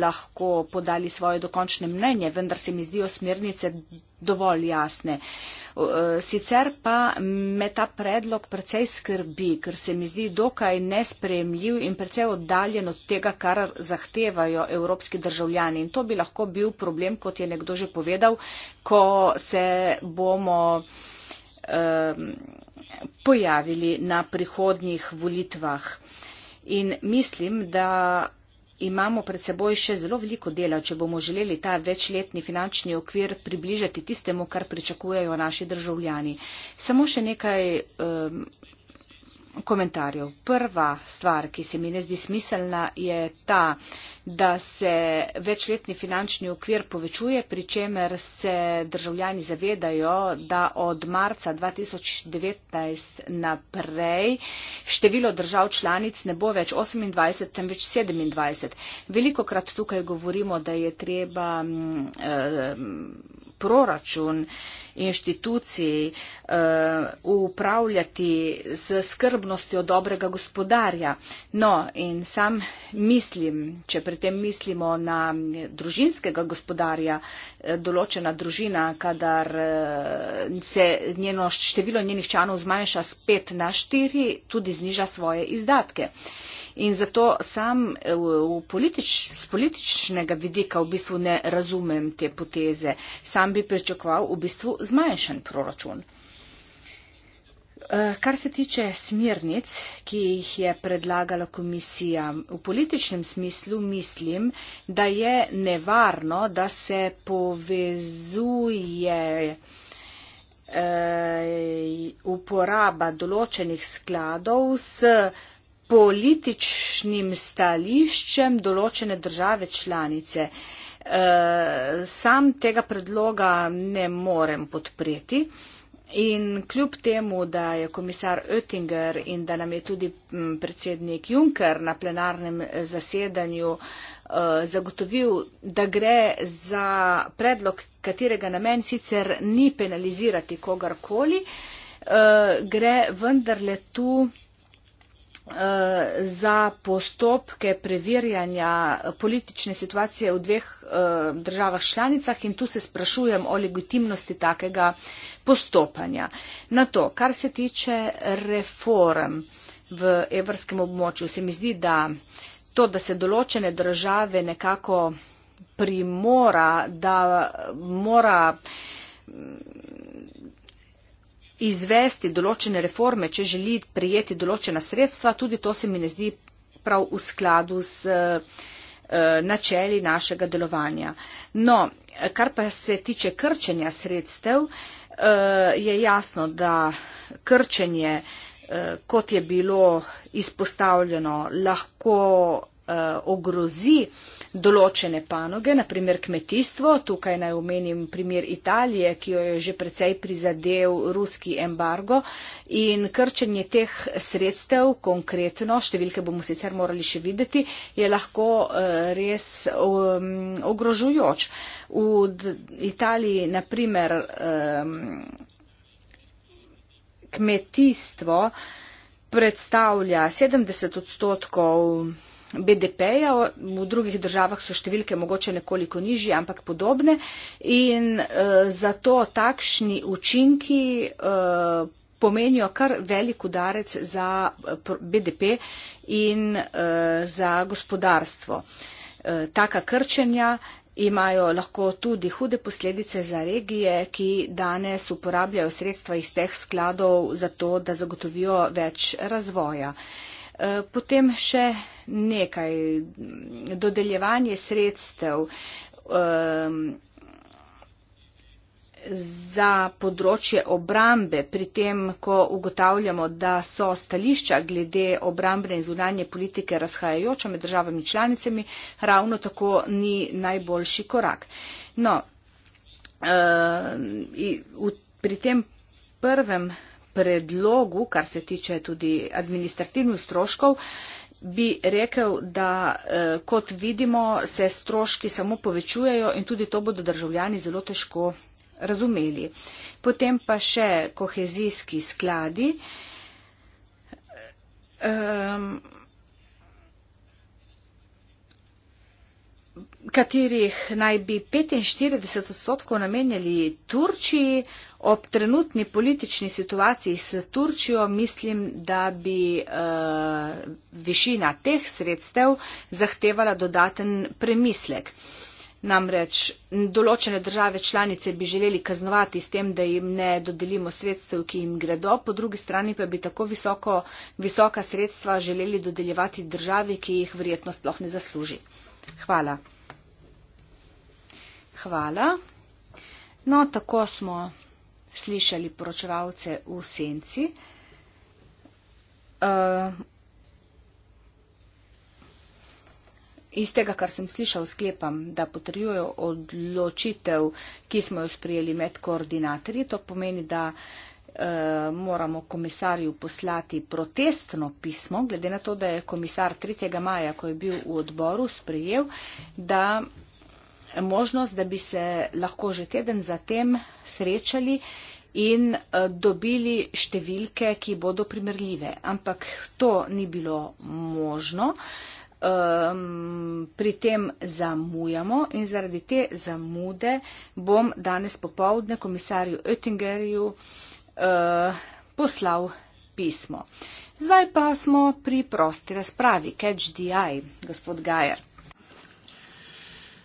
lahko podali svoje dokončne mnenje, vendar se mi zdijo smernice dovolj jasne. Eh, sicer pa me ta predlog precej skrbi, ker se mi zdi dokaj nespremljiv in precej oddaljen od tega, kar zahtevajo evropski državljani. In to bi lahko bil problem, kot je nekdo že povedal, ko se bomo. Um, pojavili na prihodnjih volitvah. In mislim, da imamo pred seboj še zelo veliko dela, če bomo želeli ta večletni finančni okvir približati tistemu, kar pričakujejo naši državljani. Samo še nekaj. Um, komentarjev. Prva stvar, ki se mi ne zdi smiselna, je ta, da se večletni finančni okvir povečuje, pri čemer se državljani zavedajo, da od marca 2019 naprej število držav članic ne bo več 28, temveč 27. Veliko krat tukaj govorimo, da je treba mm, eh, proračun eh, inštituciji uh, upravljati z skrbnostjo dobrega gospodarja. No, in sam mislim, če pri tem mislimo na družinskega gospodarja, eh, določena družina, kadar eh, se njeno število njenih članov zmanjša z pet na štiri, tudi zniža svoje izdatke. In zato sam v, v politič, z političnega vidika v bistvu ne razumem te poteze. Sam bi pričakoval v bistvu zmanjšan proračun. Eh, kar se tiče smernic, ki jih je predlagala komisija, v političnem smislu mislim, da je nevarno, da se povezuje eh, uporaba določenih skladov s političnim stališčem določene države članice sam tega predloga ne morem podpreti. In kljub temu, da je komisar Oettinger in da nam je tudi predsednik Juncker na plenarnem eh, zasedanju eh, zagotovil, da gre za predlog, katerega namen sicer ni penalizirati kogarkoli, eh, gre vendarle tu Eh, za postopke preverjanja politične situacije v dveh eh, državah članicah in tu se sprašujem o legitimnosti takega postopanja. Na to, kar se tiče reform v evrskem območju, se mi zdi, da to, da se določene države nekako primora, da mora izvesti določene reforme, če želi prijeti določena sredstva, tudi to se mi ne zdi prav v skladu z eh, eh, načeli našega delovanja. No, kar pa se tiče krčenja sredstev, eh, je jasno, da krčenje, kot je bilo izpostavljeno, lahko Eh, ogrozi določene panoge, naprimer kmetijstvo. Tukaj naj omenim primer Italije, ki jo je že precej prizadel ruski embargo in krčenje teh sredstev konkretno, številke bomo sicer morali še videti, je lahko eh, res um, ogrožujoč. V Italiji, naprimer, kmetijstvo predstavlja 70 odstotkov BDP-ja, v drugih državah so številke mogoče nekoliko nižje, ampak podobne. In uh, zato takšni učinki uh, pomenijo kar velik udarec za e, BDP in uh, za gospodarstvo. Uh, taka krčenja imajo lahko tudi hude posledice za regije, ki danes uporabljajo sredstva iz teh skladov za to, da zagotovijo več razvoja. Uh, Eh, potem še nekaj. Dodeljevanje sredstev ehm, za področje obrambe, pri tem, ko ugotavljamo, da so stališča glede obrambne in zunanje politike razhajajoča med državami članicami, ravno tako ni najboljši korak. No, uh, pri tem prvem uh, predlogu, kar se tiče tudi administrativnih stroškov, bi rekel, da eh, kot vidimo, se stroški samo povečujejo in tudi to bodo državljani zelo težko razumeli. Potem pa še kohezijski skladi. Um, katerih naj bi 45 odstotkov namenjali Turčiji, Ob trenutni politični situaciji s Turčijo mislim, da bi e, višina teh sredstev zahtevala dodaten premislek. Namreč določene države članice bi želeli kaznovati s tem, da jim ne dodelimo sredstev, ki jim gredo, po drugi strani pa bi tako visoko, visoka sredstva želeli dodeljevati državi, ki jih verjetno sploh ne zasluži. Hvala. Hvala. No, tako smo slišali poročevalce v senci. Uh, eh, Iz tega, kar sem slišal, sklepam, da potrjujo odločitev, ki smo jo sprijeli med koordinatorji. To pomeni, da e, moramo komisarju poslati protestno pismo, glede na to, da je komisar 3. maja, ko je bil v odboru, sprijel, da možnost, da bi se lahko že teden zatem srečali in eh, dobili številke, ki bodo primerljive. Ampak to ni bilo možno. Um, pri tem zamujamo in zaradi te zamude bom danes popovdne komisarju Oettingerju uh, poslal pismo. Zdaj pa smo pri prosti razpravi. Catch the eye, gospod Gajer.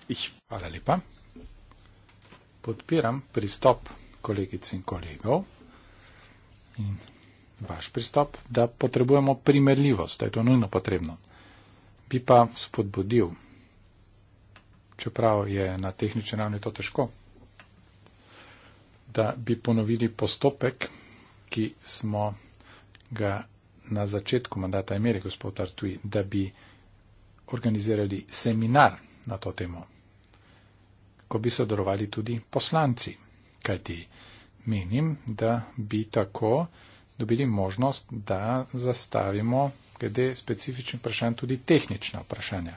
Ich. Hvala lepa. Podpiram pristop kolegic in kolegov in vaš pristop, da potrebujemo primerljivost, da je to nujno potrebno. Bi pa spodbudil, čeprav je na tehnični ravni to težko, da bi ponovili postopek, ki smo ga na začetku mandata imeli, gospod Artui, da bi organizirali seminar na to temo ko bi sodelovali tudi poslanci. Kajti menim, da bi tako dobili možnost, da zastavimo glede specifičnih vprašanj tudi tehnična vprašanja.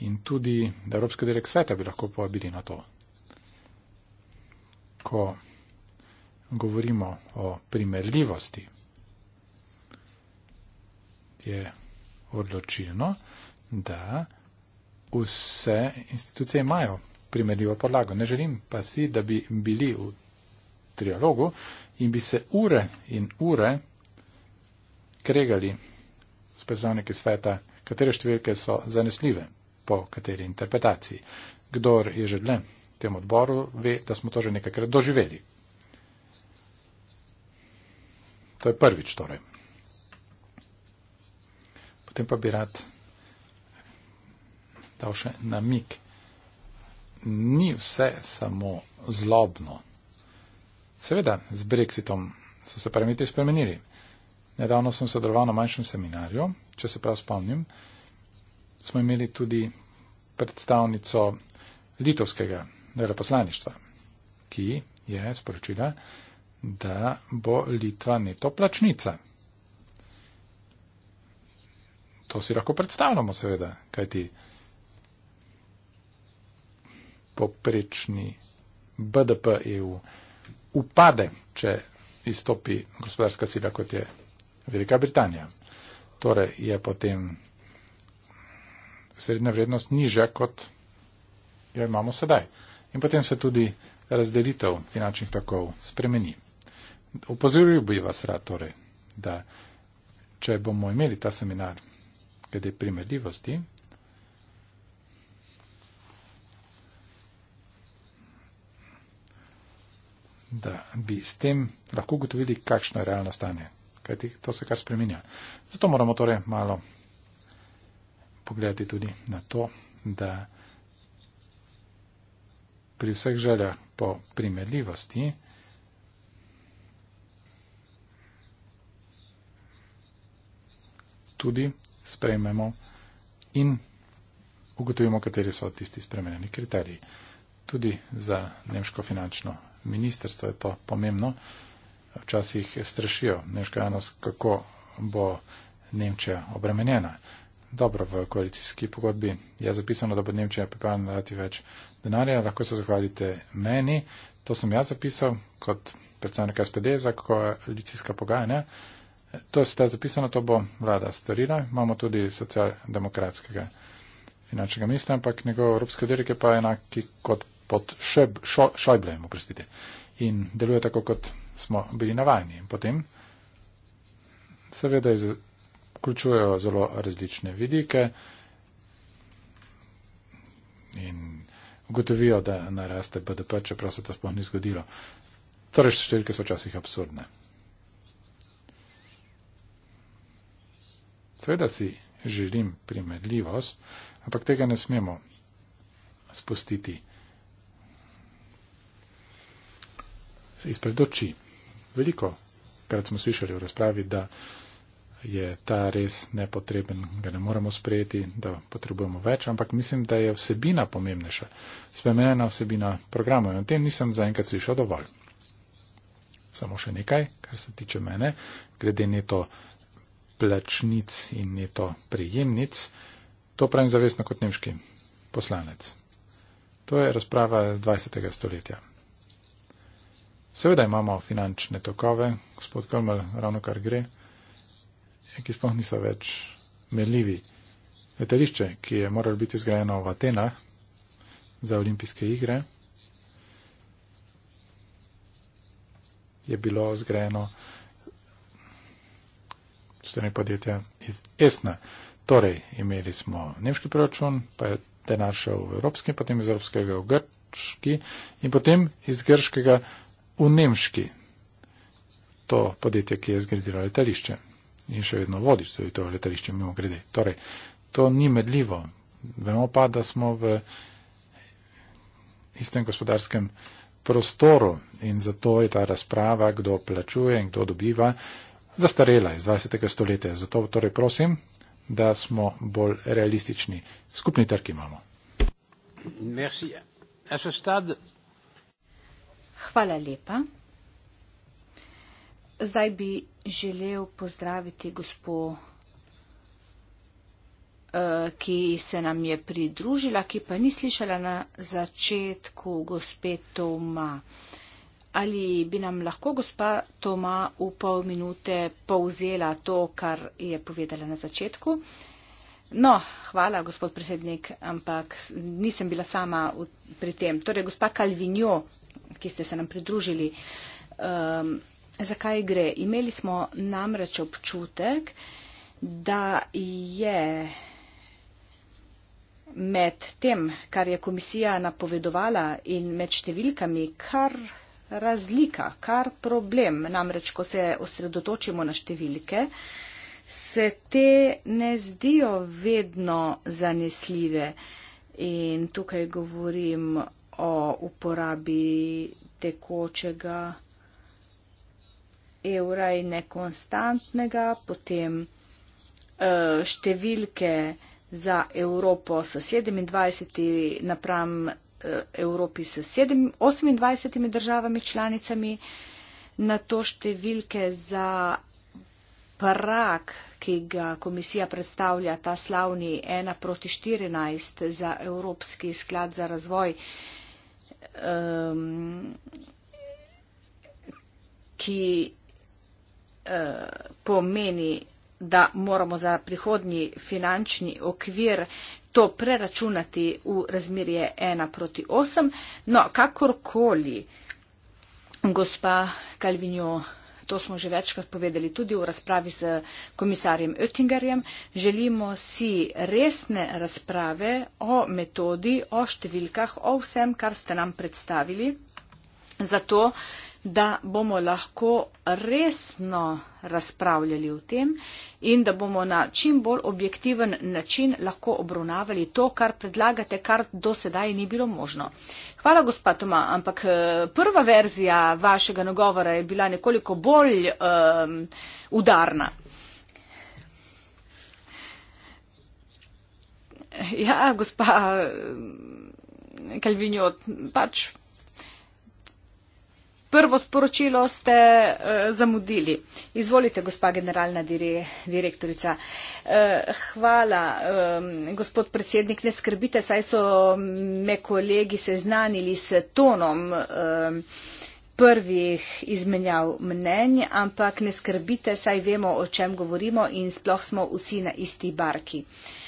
In tudi, da Evropski direk sveta bi lahko povabili na to. Ko govorimo o primerljivosti, je odločilno, da vse institucije imajo primerljivo podlago. Ne želim pa si, da bi bili v trialogu in bi se ure in ure kregali s predstavniki sveta, katere številke so zanesljive, po kateri interpretaciji. Kdor je že dlje v tem odboru, ve, da smo to že nekakrat doživeli. To je prvič torej. Potem pa bi rad dal še namik ni vse samo zlobno. Seveda, z Brexitom so se premiti spremenili. Nedavno sem sodeloval na manjšem seminarju, če se prav spomnim, smo imeli tudi predstavnico litovskega veleposlaništva, ki je sporočila, da bo Litva neto plačnica. To si lahko predstavljamo, seveda, kajti poprečni BDP EU upade, če izstopi gospodarska sila, kot je Velika Britanija. Torej je potem srednja vrednost nižja, kot jo imamo sedaj. In potem se tudi razdelitev finančnih takov spremeni. Upozoril bi vas rad torej, da če bomo imeli ta seminar glede primerljivosti, da bi s tem lahko ugotovili, kakšno je realno stanje. Kajti to se kar spreminja. Zato moramo torej malo pogledati tudi na to, da pri vseh željah po primerljivosti tudi sprejmemo in ugotovimo, kateri so tisti spremenjeni kriteriji. Tudi za nemško finančno ministrstvo je to pomembno, včasih strašijo, nemška javnost, kako bo Nemčija obremenjena. Dobro, v koalicijski pogodbi je zapisano, da bo Nemčija pripravljena dati več denarja, lahko se zahvalite meni, to sem jaz zapisal kot predstavnik SPD za koalicijska pogajanja. To ste zapisano, to bo vlada storila, imamo tudi socialdemokratskega finančnega ministra, ampak njegov evropski direk je pa enaki kot pod šeb, šo, šojblem, oprostite. In deluje tako, kot smo bili navajeni. Potem seveda izključujejo zelo različne vidike in ugotovijo, da naraste BDP, čeprav se to sploh ni zgodilo. Torej, številke so včasih absurdne. Seveda si želim primerljivost, ampak tega ne smemo spustiti. izpred oči. Veliko krat smo slišali v razpravi, da je ta res nepotreben, ga ne moremo sprejeti, da potrebujemo več, ampak mislim, da je vsebina pomembnejša. Spremenjena vsebina programov in o tem nisem zaenkrat slišal dovolj. Samo še nekaj, kar se tiče mene, glede neto plačnic in neto prejemnic, to pravim zavestno kot nemški poslanec. To je razprava z 20. stoletja. Seveda imamo finančne tokove, gospod Kalmar ravno kar gre, ki sploh niso več merljivi. Letališče, ki je moralo biti zgrajeno v Atenah za olimpijske igre, je bilo zgrajeno strani podjetja iz Esna. Torej, imeli smo nemški proračun, pa je denar šel v evropski, potem iz evropskega v grški in potem iz grškega v Nemški, to podjetje, ki je zgradilo letališče in še vedno vodi tudi to letališče mimo grede. Torej, to ni medljivo. Vemo pa, da smo v istem gospodarskem prostoru in zato je ta razprava, kdo plačuje in kdo dobiva, zastarela iz 20. stoletja. Zato torej prosim, da smo bolj realistični. Skupni trg imamo. Merci. A ce stade, Hvala lepa. Zdaj bi želel pozdraviti gospo, eh, ki se nam je pridružila, ki pa ni slišala na začetku gospe Toma. Ali bi nam lahko gospa Toma v pol minute povzela to, kar je povedala na začetku? No, hvala, gospod predsednik, ampak nisem bila sama pri tem. Torej, gospa Kalvinjo ki ste se nam pridružili, um, zakaj gre. Imeli smo namreč občutek, da je med tem, kar je komisija napovedovala in med številkami, kar razlika, kar problem. Namreč, ko se osredotočimo na številke, se te ne zdijo vedno zanesljive. In tukaj govorim o uporabi tekočega evra in nekonstantnega, potem e, številke za Evropo s 27 napram e, Evropi s 28 državami članicami, na to številke za prak, ki ga komisija predstavlja, ta slavni 1 proti 14 za Evropski sklad za razvoj, um, ki uh, pomeni, da moramo za prihodnji finančni okvir to preračunati v razmerje 1 proti 8. No, kakorkoli, gospa Kalvinjo to smo že večkrat povedali tudi v razpravi z komisarjem Oettingerjem, želimo si resne razprave o metodi, o številkah, o vsem, kar ste nam predstavili. Zato da bomo lahko resno razpravljali o tem in da bomo na čim bolj objektiven način lahko obravnavali to, kar predlagate, kar do sedaj ni bilo možno. Hvala, gospod Toma, ampak eh, prva verzija vašega nagovora je bila nekoliko bolj um, udarna. Ja, gospa Kalvinjo, eh, pač prvo sporočilo ste uh, zamudili. Izvolite, gospa generalna dire direktorica. Uh, hvala, um, gospod predsednik, ne skrbite, saj so me kolegi seznanili s tonom. Uh, prvih izmenjav mnenj, ampak ne skrbite, saj vemo, o čem govorimo in sploh smo vsi na isti barki. Uh,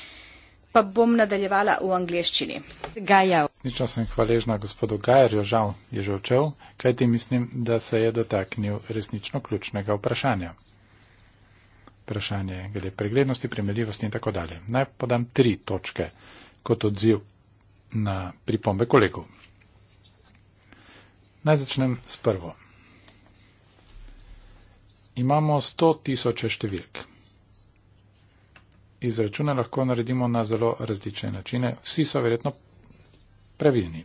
pa bom nadaljevala v angleščini. Gajal. Nično sem hvaležna gospodu Gajerju, žal je že očel, kaj ti mislim, da se je dotaknil resnično ključnega vprašanja. Vprašanje glede preglednosti, primerljivosti in tako dalje. Naj podam tri točke kot odziv na pripombe kolegov. Naj začnem s prvo. Imamo 100 tisoče številk izračune lahko naredimo na zelo različne načine, vsi so verjetno pravilni.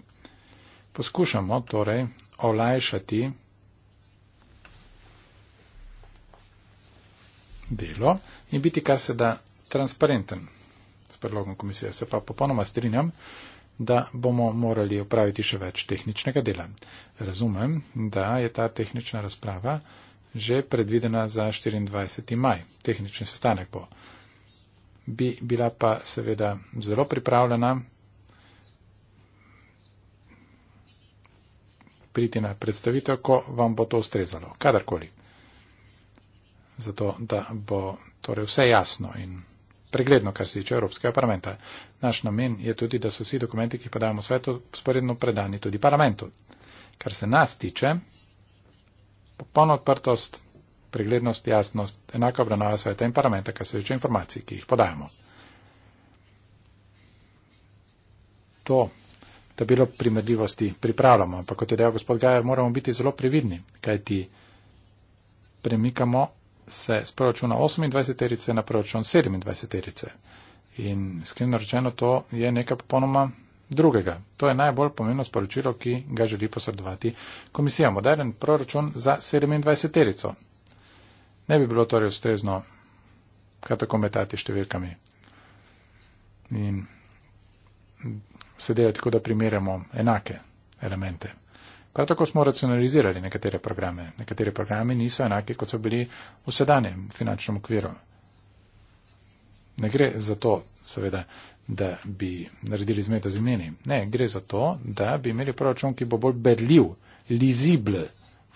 Poskušamo torej olajšati delo in biti kar se da transparenten s predlogom komisije. Se pa popolnoma strinjam, da bomo morali upraviti še več tehničnega dela. Razumem, da je ta tehnična razprava že predvidena za 24. maj. Tehnični sestanek bo bi bila pa seveda zelo pripravljena priti na predstavitev, ko vam bo to ustrezalo, kadarkoli. Zato, da bo torej vse jasno in pregledno, kar se tiče Evropskega parlamenta. Naš namen je tudi, da so vsi dokumenti, ki podajamo svetu, sporedno predani tudi parlamentu. Kar se nas tiče, popolna odprtost preglednost, jasnost, enaka obravnava sveta in parlamenta, kar se tiče informacij, ki jih podajamo. To tabelo primerljivosti pripravljamo, ampak kot je dejal gospod Gajer, moramo biti zelo previdni, kajti premikamo se z proračuna 28 terice na proračun 27 terice. In skrivno rečeno, to je nekaj popolnoma drugega. To je najbolj pomembno sporočilo, ki ga želi posredovati komisija. Modern proračun za 27 terico. Ne bi bilo torej ustrezno, kaj tako metati številkami in sedeti tako, da primerjamo enake elemente. Prav tako smo racionalizirali nekatere programe. Nekateri programi niso enaki, kot so bili v sedanjem finančnem okviru. Ne gre za to, seveda, da bi naredili zmeto z imeni. Ne, gre za to, da bi imeli proračun, ki bo bolj bedljiv, lizibl v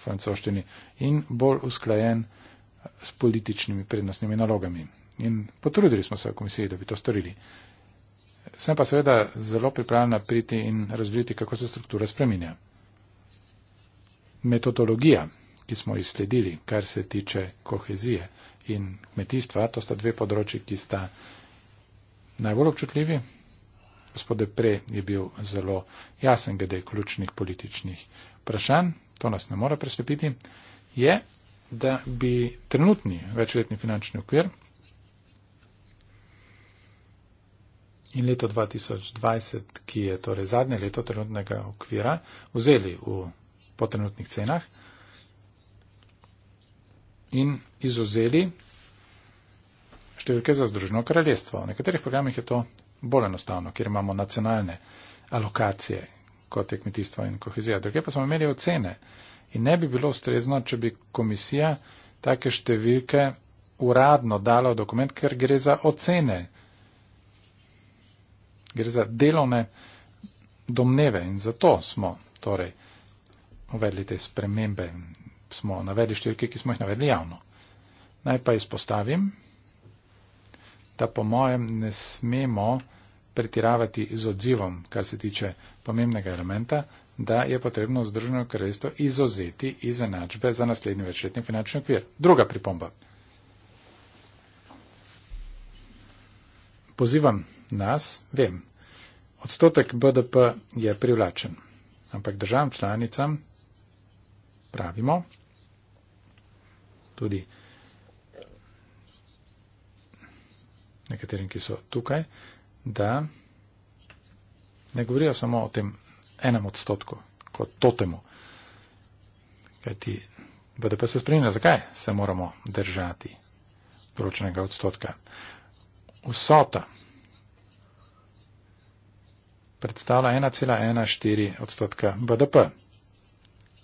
francoščini in bolj usklajen s političnimi prednostnimi nalogami. In potrudili smo se v komisiji, da bi to storili. Sem pa seveda zelo pripravljena priti in razvideti, kako se struktura spreminja. Metodologija, ki smo izsledili, kar se tiče kohezije in kmetijstva, to sta dve področji, ki sta najbolj občutljivi. Gospode Pre je bil zelo jasen glede ključnih političnih vprašanj, to nas ne mora preslepiti, je da bi trenutni večletni finančni okvir in leto 2020, ki je torej zadnje leto trenutnega okvira, vzeli v, po trenutnih cenah in izuzeli številke za Združeno kraljestvo. V nekaterih programih je to bolj enostavno, kjer imamo nacionalne alokacije, kot je kmetijstvo in kohezija. Druge pa smo imeli ocene, in ne bi bilo ustrezno, če bi komisija take številke uradno dala v dokument, ker gre za ocene, gre za delovne domneve in zato smo torej uvedli te spremembe, smo navedli številke, ki smo jih navedli javno. Naj pa izpostavim, da po mojem ne smemo pretiravati z odzivom, kar se tiče pomembnega elementa, da je potrebno Združeno kraljestvo izozeti iz enačbe za naslednji večletni finančni okvir. Druga pripomba. Pozivam nas, vem, odstotek BDP je privlačen, ampak državam članicam pravimo, tudi nekaterim, ki so tukaj, da ne govorijo samo o tem enem odstotku, kot totemu. Kajti BDP se spremlja, zakaj se moramo držati določenega odstotka. Vsota predstavlja 1,14 odstotka BDP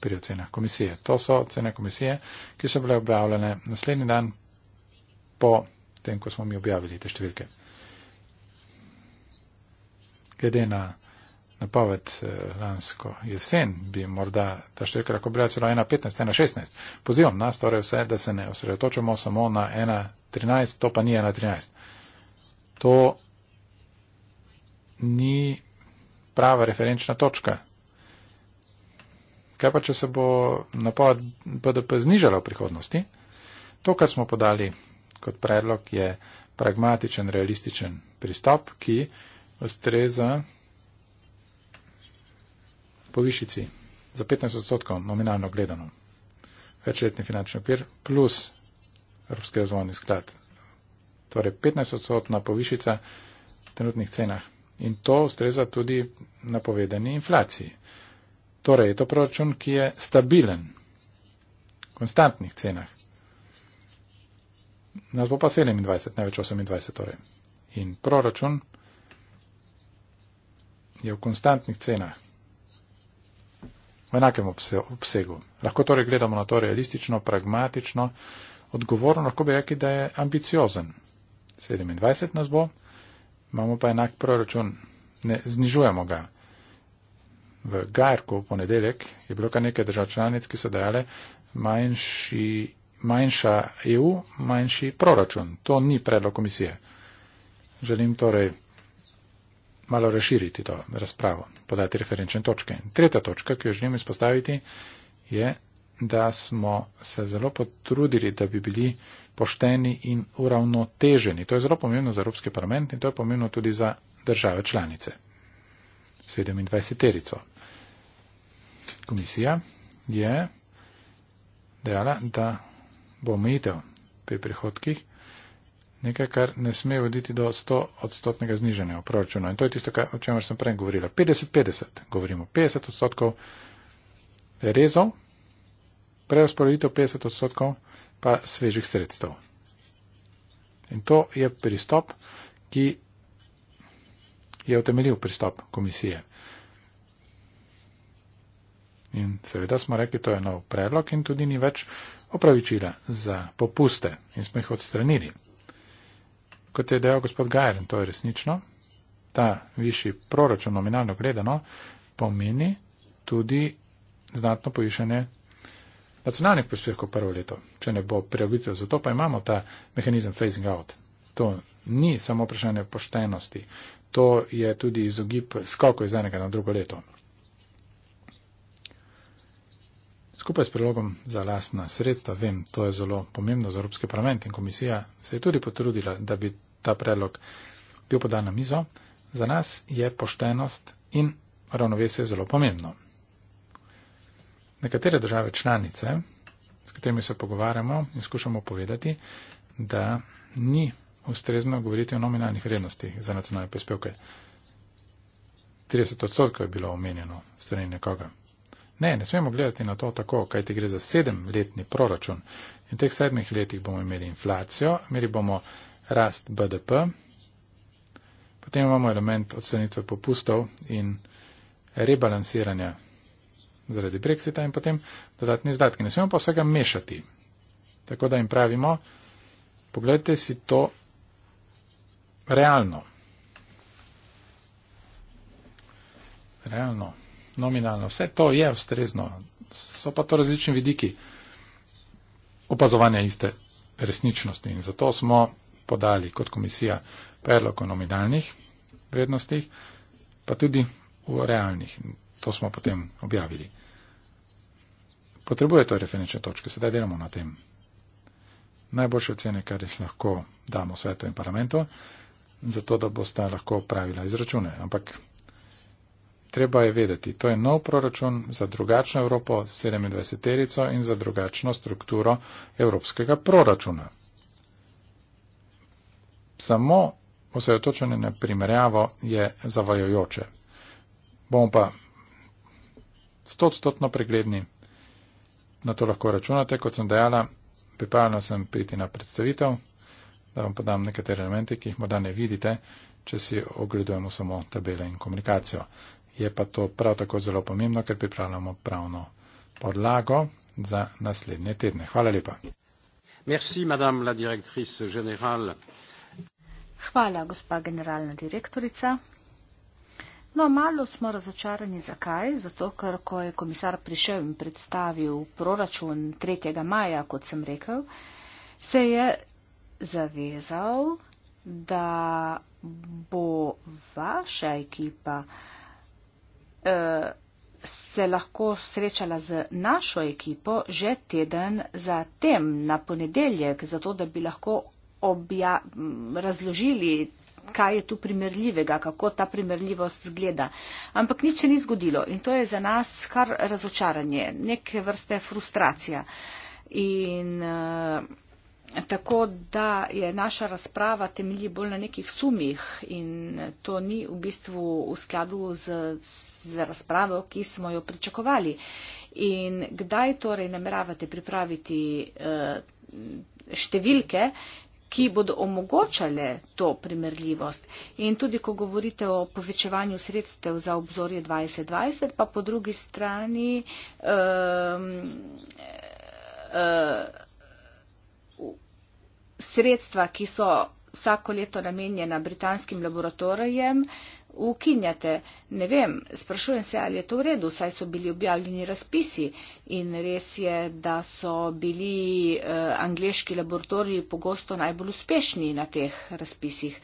pri ocenah komisije. To so ocene komisije, ki so bile objavljene naslednji dan po tem, ko smo mi objavili te številke. Glede na napoved eh, lansko jesen, bi morda ta številka lahko bila celo 1.15, 1.16. Pozivam nas torej vse, da se ne osredotočamo samo na 1.13, to pa ni 1.13. To ni prava referenčna točka. Kaj pa, če se bo napoved BDP znižala v prihodnosti? To, kar smo podali kot predlog, je pragmatičen, realističen pristop, ki ustreza povišici za 15 odstotkov nominalno gledano. Večletni finančni okvir plus Evropski razvojni sklad. Torej 15 odstotna povišica v trenutnih cenah. In to ustreza tudi napovedani inflaciji. Torej je to proračun, ki je stabilen v konstantnih cenah. Nas bo pa 27, največ 28 torej. In proračun je v konstantnih cenah v enakem obsegu. Lahko torej gledamo na to realistično, pragmatično, odgovorno, lahko bi rekli, da je ambiciozen. 27 nas bo, imamo pa enak proračun, ne znižujemo ga. V Gajrku v ponedeljek je bilo kar nekaj držav članic, ki so dajale manjši, manjša EU, manjši proračun. To ni predlog komisije. Želim torej malo razširiti to razpravo, podati referenčne točke. Tretja točka, ki jo želim izpostaviti, je, da smo se zelo potrudili, da bi bili pošteni in uravnoteženi. To je zelo pomembno za Evropski parlament in to je pomembno tudi za države članice. 27. terico. Komisija je dejala, da bo omejitev pri prihodkih nekaj, kar ne sme voditi do 100 odstotnega znižanja v proračunu. In to je tisto, kaj, o čemer sem prej govorila. 50-50, govorimo 50 odstotkov rezov, preusporeditev 50 odstotkov pa svežih sredstev. In to je pristop, ki je utemeljil pristop komisije. In seveda smo rekli, to je nov predlog in tudi ni več opravičila za popuste in smo jih odstranili kot je dejal gospod Gajer, in to je resnično, ta višji proračun nominalno gledano pomeni tudi znatno povišanje nacionalnih prispevkov prvo leto, če ne bo prijavitev. Zato pa imamo ta mehanizem phasing out. To ni samo vprašanje poštenosti, to je tudi izogib skoku iz enega na drugo leto. Skupaj s prilogom za lastna sredstva, vem, to je zelo pomembno za Evropski parlament in komisija se je tudi potrudila, da bi ta predlog bil podan na mizo, za nas je poštenost in ravnovesje zelo pomembno. Nekatere države članice, s katerimi se pogovarjamo in skušamo povedati, da ni ustrezno govoriti o nominalnih vrednostih za nacionalne prispevke. 30 odstotkov je bilo omenjeno strani nekoga. Ne, ne smemo gledati na to tako, kaj ti gre za sedemletni proračun. In v teh sedmih letih bomo imeli inflacijo, imeli bomo rast BDP, potem imamo element ocenitve popustov in rebalansiranja zaradi brexita in potem dodatni izdatki. Ne smemo pa vsega mešati. Tako da jim pravimo, pogledajte si to realno. Realno, nominalno, vse to je ustrezno, so pa to različni vidiki opazovanja iste resničnosti in zato smo podali kot komisija predlog o nominalnih vrednostih, pa tudi o realnih. To smo potem objavili. Potrebuje to referenčne točke, sedaj delamo na tem. Najboljše ocene, kar jih lahko damo svetu in parlamentu, zato da boste lahko pravila izračune. Ampak treba je vedeti, to je nov proračun za drugačno Evropo 27-terico in za drugačno strukturo evropskega proračuna samo osredotočenje na primerjavo je zavajojoče. Bomo pa stotstotno pregledni, na to lahko računate, kot sem dejala, pripravljena sem priti na predstavitev, da vam podam nekatere elemente, ki jih morda ne vidite, če si ogledujemo samo tabele in komunikacijo. Je pa to prav tako zelo pomembno, ker pripravljamo pravno podlago za naslednje tedne. Hvala lepa. Merci, madame la directrice générale. Hvala, gospa generalna direktorica. No, malo smo razočarani, zakaj? Zato, ker ko je komisar prišel in predstavil proračun 3. maja, kot sem rekel, se je zavezal, da bo vaša ekipa eh, se lahko srečala z našo ekipo že teden zatem, na ponedeljek, zato da bi lahko obja, razložili, kaj je tu primerljivega, kako ta primerljivost zgleda. Ampak nič se ni zgodilo in to je za nas kar razočaranje, neke vrste frustracija. In uh, tako, da je naša razprava temelji bolj na nekih sumih in to ni v bistvu v skladu z, z razpravo, ki smo jo pričakovali. In kdaj torej nameravate pripraviti uh, številke, ki bodo omogočale to primerljivost. In tudi, ko govorite o povečevanju sredstev za obzorje 2020, pa po drugi strani um, uh, sredstva, ki so vsako leto namenjena britanskim laboratorijem, uh, ukinjate. Ne vem, sprašujem se, ali je to v redu, saj so bili objavljeni razpisi in res je, da so bili eh, angliški laboratoriji pogosto najbolj uspešni na teh razpisih.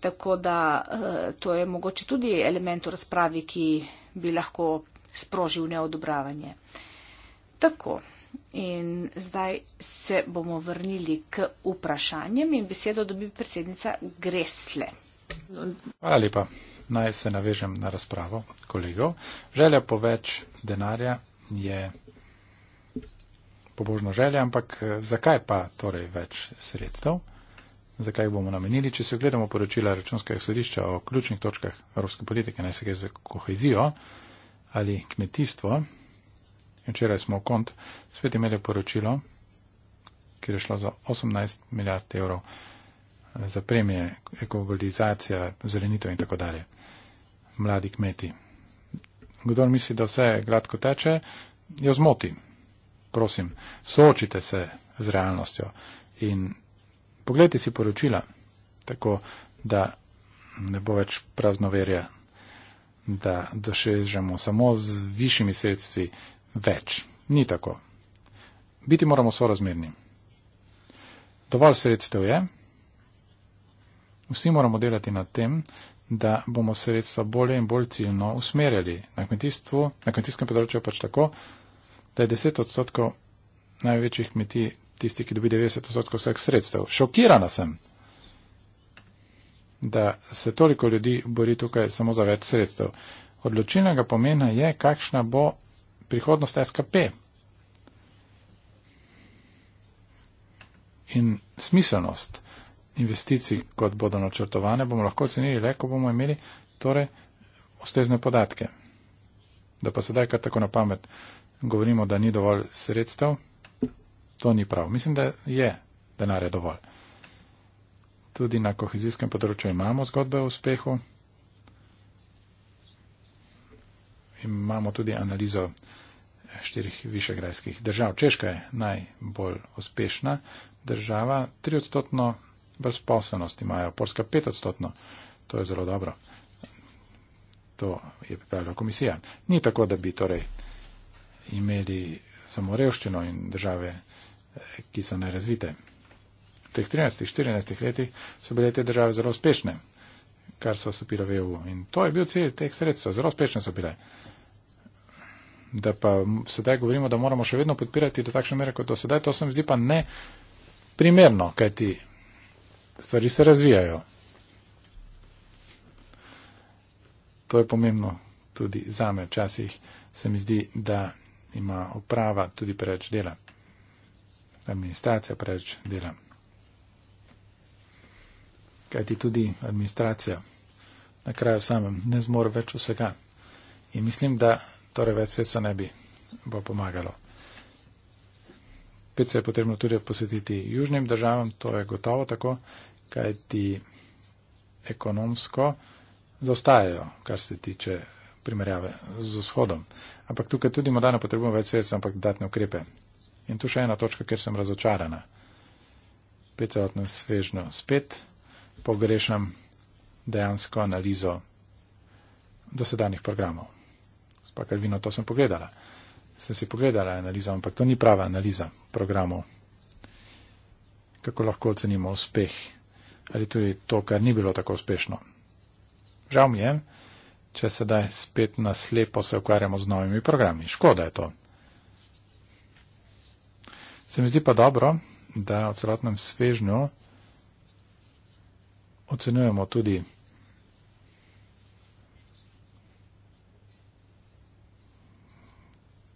Tako da eh, to je mogoče tudi element v razpravi, ki bi lahko sprožil neodobravanje. Tako. In zdaj se bomo vrnili k vprašanjem in besedo dobi predsednica Gresle. Hvala lepa naj se navežem na razpravo kolegov. Želja po več denarja je pobožno želja, ampak eh, zakaj pa torej več sredstev? Zakaj jih bomo namenili? Če se ogledamo poročila računskega sodišča o ključnih točkah evropske politike, naj se gre za kohezijo ali kmetijstvo, včeraj smo v kont, svet imeli poročilo, ki je šlo za 18 milijard evrov eh, za premije, ekologizacija, zelenitev in tako dalje mladi kmeti. Kdor misli, da vse gladko teče, jo zmoti. Prosim, soočite se z realnostjo in pogledajte si poročila, tako da ne bo več praznoverja, da dosežemo samo z višjimi sredstvi več. Ni tako. Biti moramo sorazmerni. Dovolj sredstev je. Vsi moramo delati nad tem, da bomo sredstva bolje in bolj ciljno usmerjali. Na kmetijstvu, na kmetijskem področju pač tako, da je 10 odstotkov največjih kmetij tisti, ki dobi 90 odstotkov vseh sredstev. Šokirana sem, da se toliko ljudi bori tukaj samo za več sredstev. Odločilnega pomena je, kakšna bo prihodnost SKP. In smiselnost investicij, kot bodo načrtovane, bomo lahko ocenili le, ko bomo imeli torej ustrezne podatke. Da pa sedaj kar tako na pamet govorimo, da ni dovolj sredstev, to ni prav. Mislim, da je denar je dovolj. Tudi na kohezijskem področju imamo zgodbe o uspehu. Imamo tudi analizo štirih višegrajskih držav. Češka je najbolj uspešna država. 3-odstotno brezposobnost imajo. Polska 5 odstotno. To je zelo dobro. To je pripravila komisija. Ni tako, da bi torej imeli samo revščino in države, eh, ki so najrazvite. V teh 13-14 letih so bile te države zelo uspešne, kar so stopile v EU. In to je bil cilj teh sredstev, zelo uspešne so bile. Da pa sedaj govorimo, da moramo še vedno podpirati do takšne mere kot do sedaj, to se mi zdi pa ne primerno, kajti stvari se razvijajo. To je pomembno tudi za me. Včasih se mi zdi, da ima uprava tudi preveč dela, administracija preveč dela. Kaj ti tudi administracija na kraju samem ne zmore več vsega. In mislim, da torej več sredstva ne bi bo pomagalo. Pet se je potrebno tudi posvetiti južnim državam, to je gotovo tako, kajti ekonomsko zaostajajo, kar se tiče primerjave z vzhodom. Ampak tukaj tudi morda ne potrebujemo več sredstva, ampak datne ukrepe. In tu še ena točka, kjer sem razočarana. Petcelotno svežno spet pogrešam dejansko analizo dosedanjih programov. Pa Kalvino, to sem pogledala. Sem si pogledala analizo, ampak to ni prava analiza programov. Kako lahko ocenimo uspeh ali tudi to, kar ni bilo tako uspešno. Žal mi je, če sedaj spet naslepo se ukvarjamo z novimi programi. Škoda je to. Se mi zdi pa dobro, da v celotnem svežnju ocenujemo tudi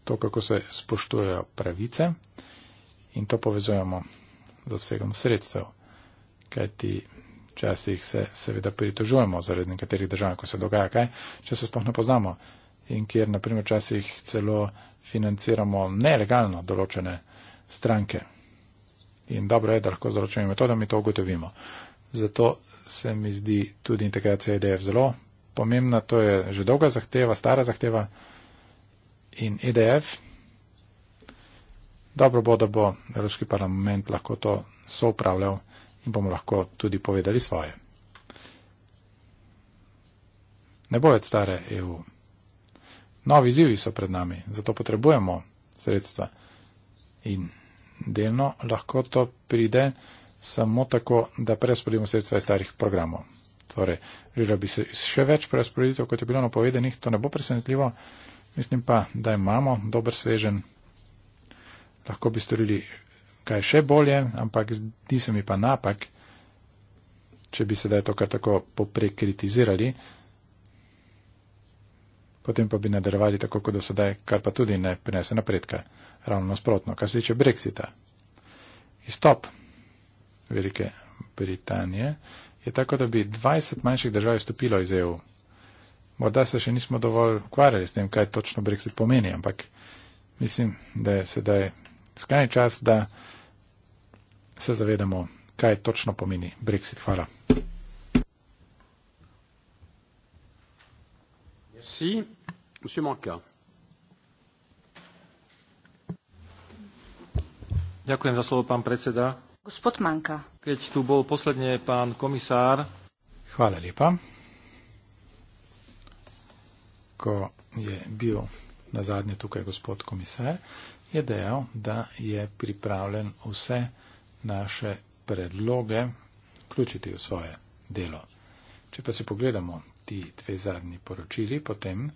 to, kako se spoštujejo pravice in to povezujemo z obsegom sredstev kajti včasih se seveda pritožujemo zaradi nekaterih držav, ko se dogaja kaj, če se sploh ne poznamo in kjer, naprimer, včasih celo financiramo nelegalno določene stranke. In dobro je, da lahko z ročnimi metodami to ugotovimo. Zato se mi zdi tudi integracija EDF zelo pomembna. To je že dolga zahteva, stara zahteva in EDF. Dobro bo, da bo Evropski parlament lahko to soupravljal in bomo lahko tudi povedali svoje. Ne bo več stare EU. Novi izzivi so pred nami, zato potrebujemo sredstva. In delno lahko to pride samo tako, da preraspodelimo sredstva iz starih programov. Torej, želel bi se še več preraspodelitev, kot je bilo napovedenih, to ne bo presenetljivo. Mislim pa, da imamo dober svežen. Lahko bi storili kaj še bolje, ampak zdi se mi pa napak, če bi sedaj to kar tako poprekritizirali, potem pa bi nadaljevali tako, kot do sedaj, kar pa tudi ne prinese napredka. Ravno nasprotno, kar se tiče Brexita. Izstop Velike Britanije je tako, da bi 20 manjših držav izstopilo iz EU. Morda se še nismo dovolj ukvarjali s tem, kaj točno Brexit pomeni, ampak mislim, da je sedaj skrajni čas, da se zavedamo, kaj točno pomeni Brexit. Hvala. Merci. Monsieur Manka. Ďakujem za slovo, pán predseda. Gospod Manka. Keď tu bol posledne pán komisár. Hvala lepa. Ko je bil na zadnje tukaj gospod komisar, je dejal, da je pripravljen vse naše predloge vključiti v svoje delo. Če pa si pogledamo ti dve zadnji poročili, potem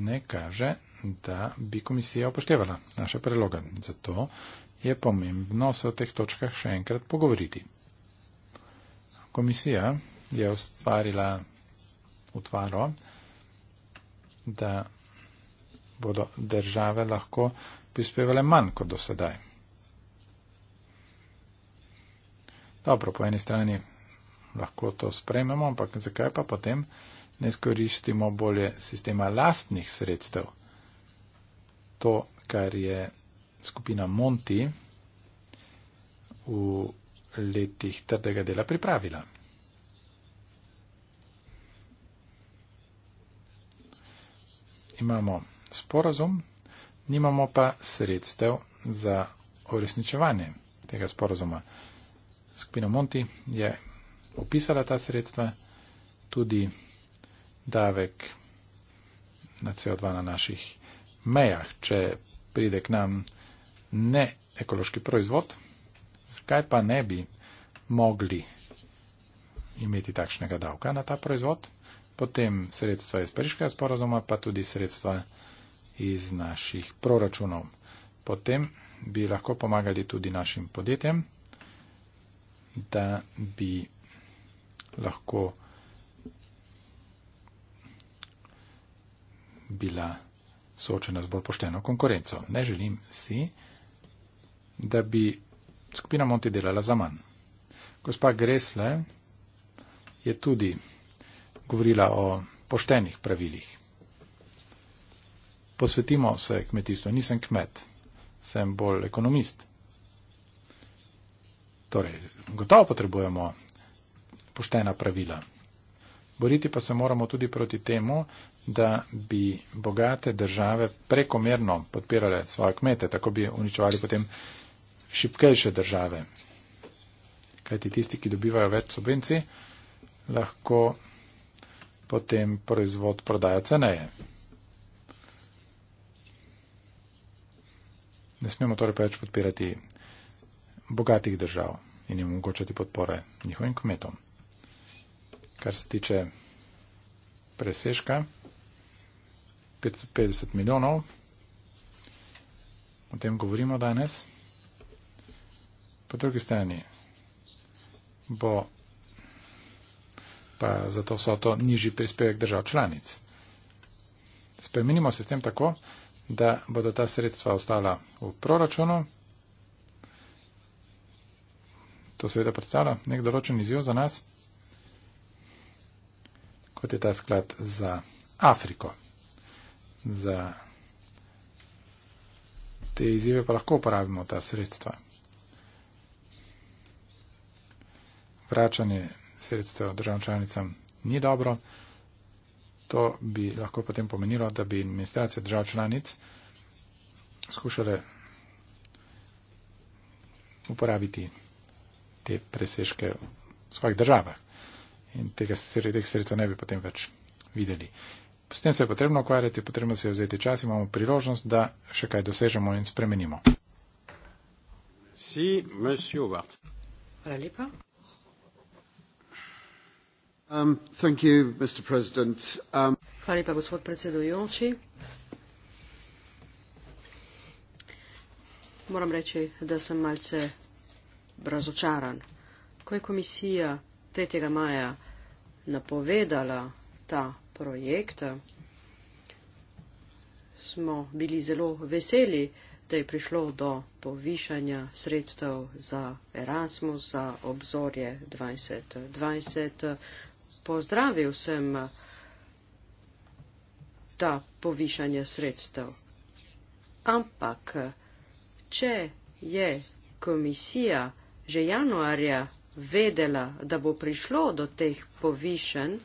ne kaže, da bi komisija upoštevala naše predloge. Zato je pomembno se o teh točkah še enkrat pogovoriti. Komisija je ustvarila utvaro, da bodo države lahko prispevale manj kot do sedaj. Dobro, po eni strani lahko to sprememo, ampak zakaj pa potem ne skoristimo bolje sistema lastnih sredstev? To, kar je skupina Monti v letih trdega dela pripravila. Imamo sporazum, nimamo pa sredstev za uresničevanje tega sporazuma skupina Monti je opisala ta sredstva, tudi davek na CO2 na naših mejah, če pride k nam ne ekološki proizvod, zakaj pa ne bi mogli imeti takšnega davka na ta proizvod, potem sredstva iz Pariškega sporazuma, pa tudi sredstva iz naših proračunov. Potem bi lahko pomagali tudi našim podjetjem, da bi lahko bila soočena z bolj pošteno konkurenco. Ne želim si, da bi skupina Monti delala za manj. Gospa Gresle je tudi govorila o poštenih pravilih. Posvetimo se kmetijstvu. Nisem kmet, sem bolj ekonomist. Torej, gotovo potrebujemo poštena pravila. Boriti pa se moramo tudi proti temu, da bi bogate države prekomerno podpirale svoje kmete, tako bi uničevali potem šipkejše države. Kajti tisti, ki dobivajo več subvencij, lahko potem proizvod prodajo ceneje. Ne smemo torej preveč podpirati bogatih držav in jim omogočati podpore njihovim kmetom. Kar se tiče preseška, 550 milijonov, o tem govorimo danes. Po drugi strani bo pa za to so to nižji prispevek držav članic. Spremenimo sistem tako, da bodo ta sredstva ostala v proračunu, to seveda predstavlja nek določen izjiv za nas, kot je ta sklad za Afriko. Za te izjive pa lahko uporabimo ta sredstva. Vračanje sredstva državam članicam ni dobro. To bi lahko potem pomenilo, da bi administracije držav članic skušale uporabiti te presežke v svojih državah. In tega, teh sredstev ne bi potem več videli. S tem se je potrebno ukvarjati, potrebno se je vzeti čas, imamo priložnost, da še kaj dosežemo in spremenimo. Si, Hvala lepa. Um, thank you, Mr. President. Um, Hvala lepa, gospod predsedujoči. Moram reči, da sem malce razočaran. Ko je komisija 3. maja napovedala ta projekt, smo bili zelo veseli, da je prišlo do povišanja sredstev za Erasmus, za obzorje 2020. Pozdravil sem ta povišanje sredstev. Ampak, če je komisija že januarja vedela, da bo prišlo do teh povišen,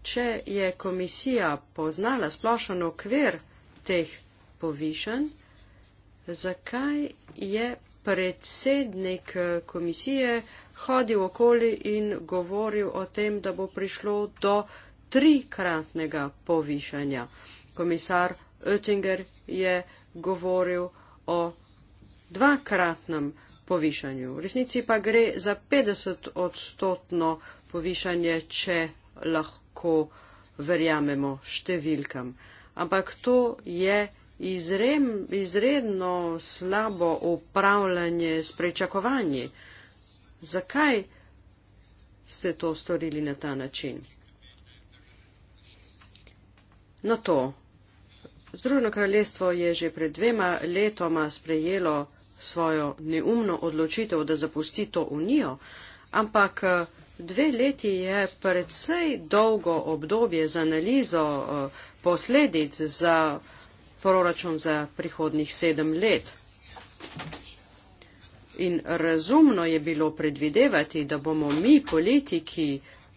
če je komisija poznala splošen okvir teh povišen, zakaj je predsednik eh, komisije hodil okoli in govoril o tem, da bo prišlo do trikratnega povišanja. Komisar Oettinger je govoril o dvakratnem povišanju. V resnici pa gre za 50 odstotno povišanje, če lahko verjamemo številkam. Ampak to je izrem, izredno slabo upravljanje s prečakovanji. Zakaj ste to storili na ta način? Na to Združeno kraljestvo je že pred dvema letoma sprejelo svojo neumno odločitev, da zapusti to unijo, ampak eh, dve leti je predvsej dolgo obdobje za analizo eh, posledic za proračun za prihodnih sedem let. In razumno je bilo predvidevati, da bomo mi politiki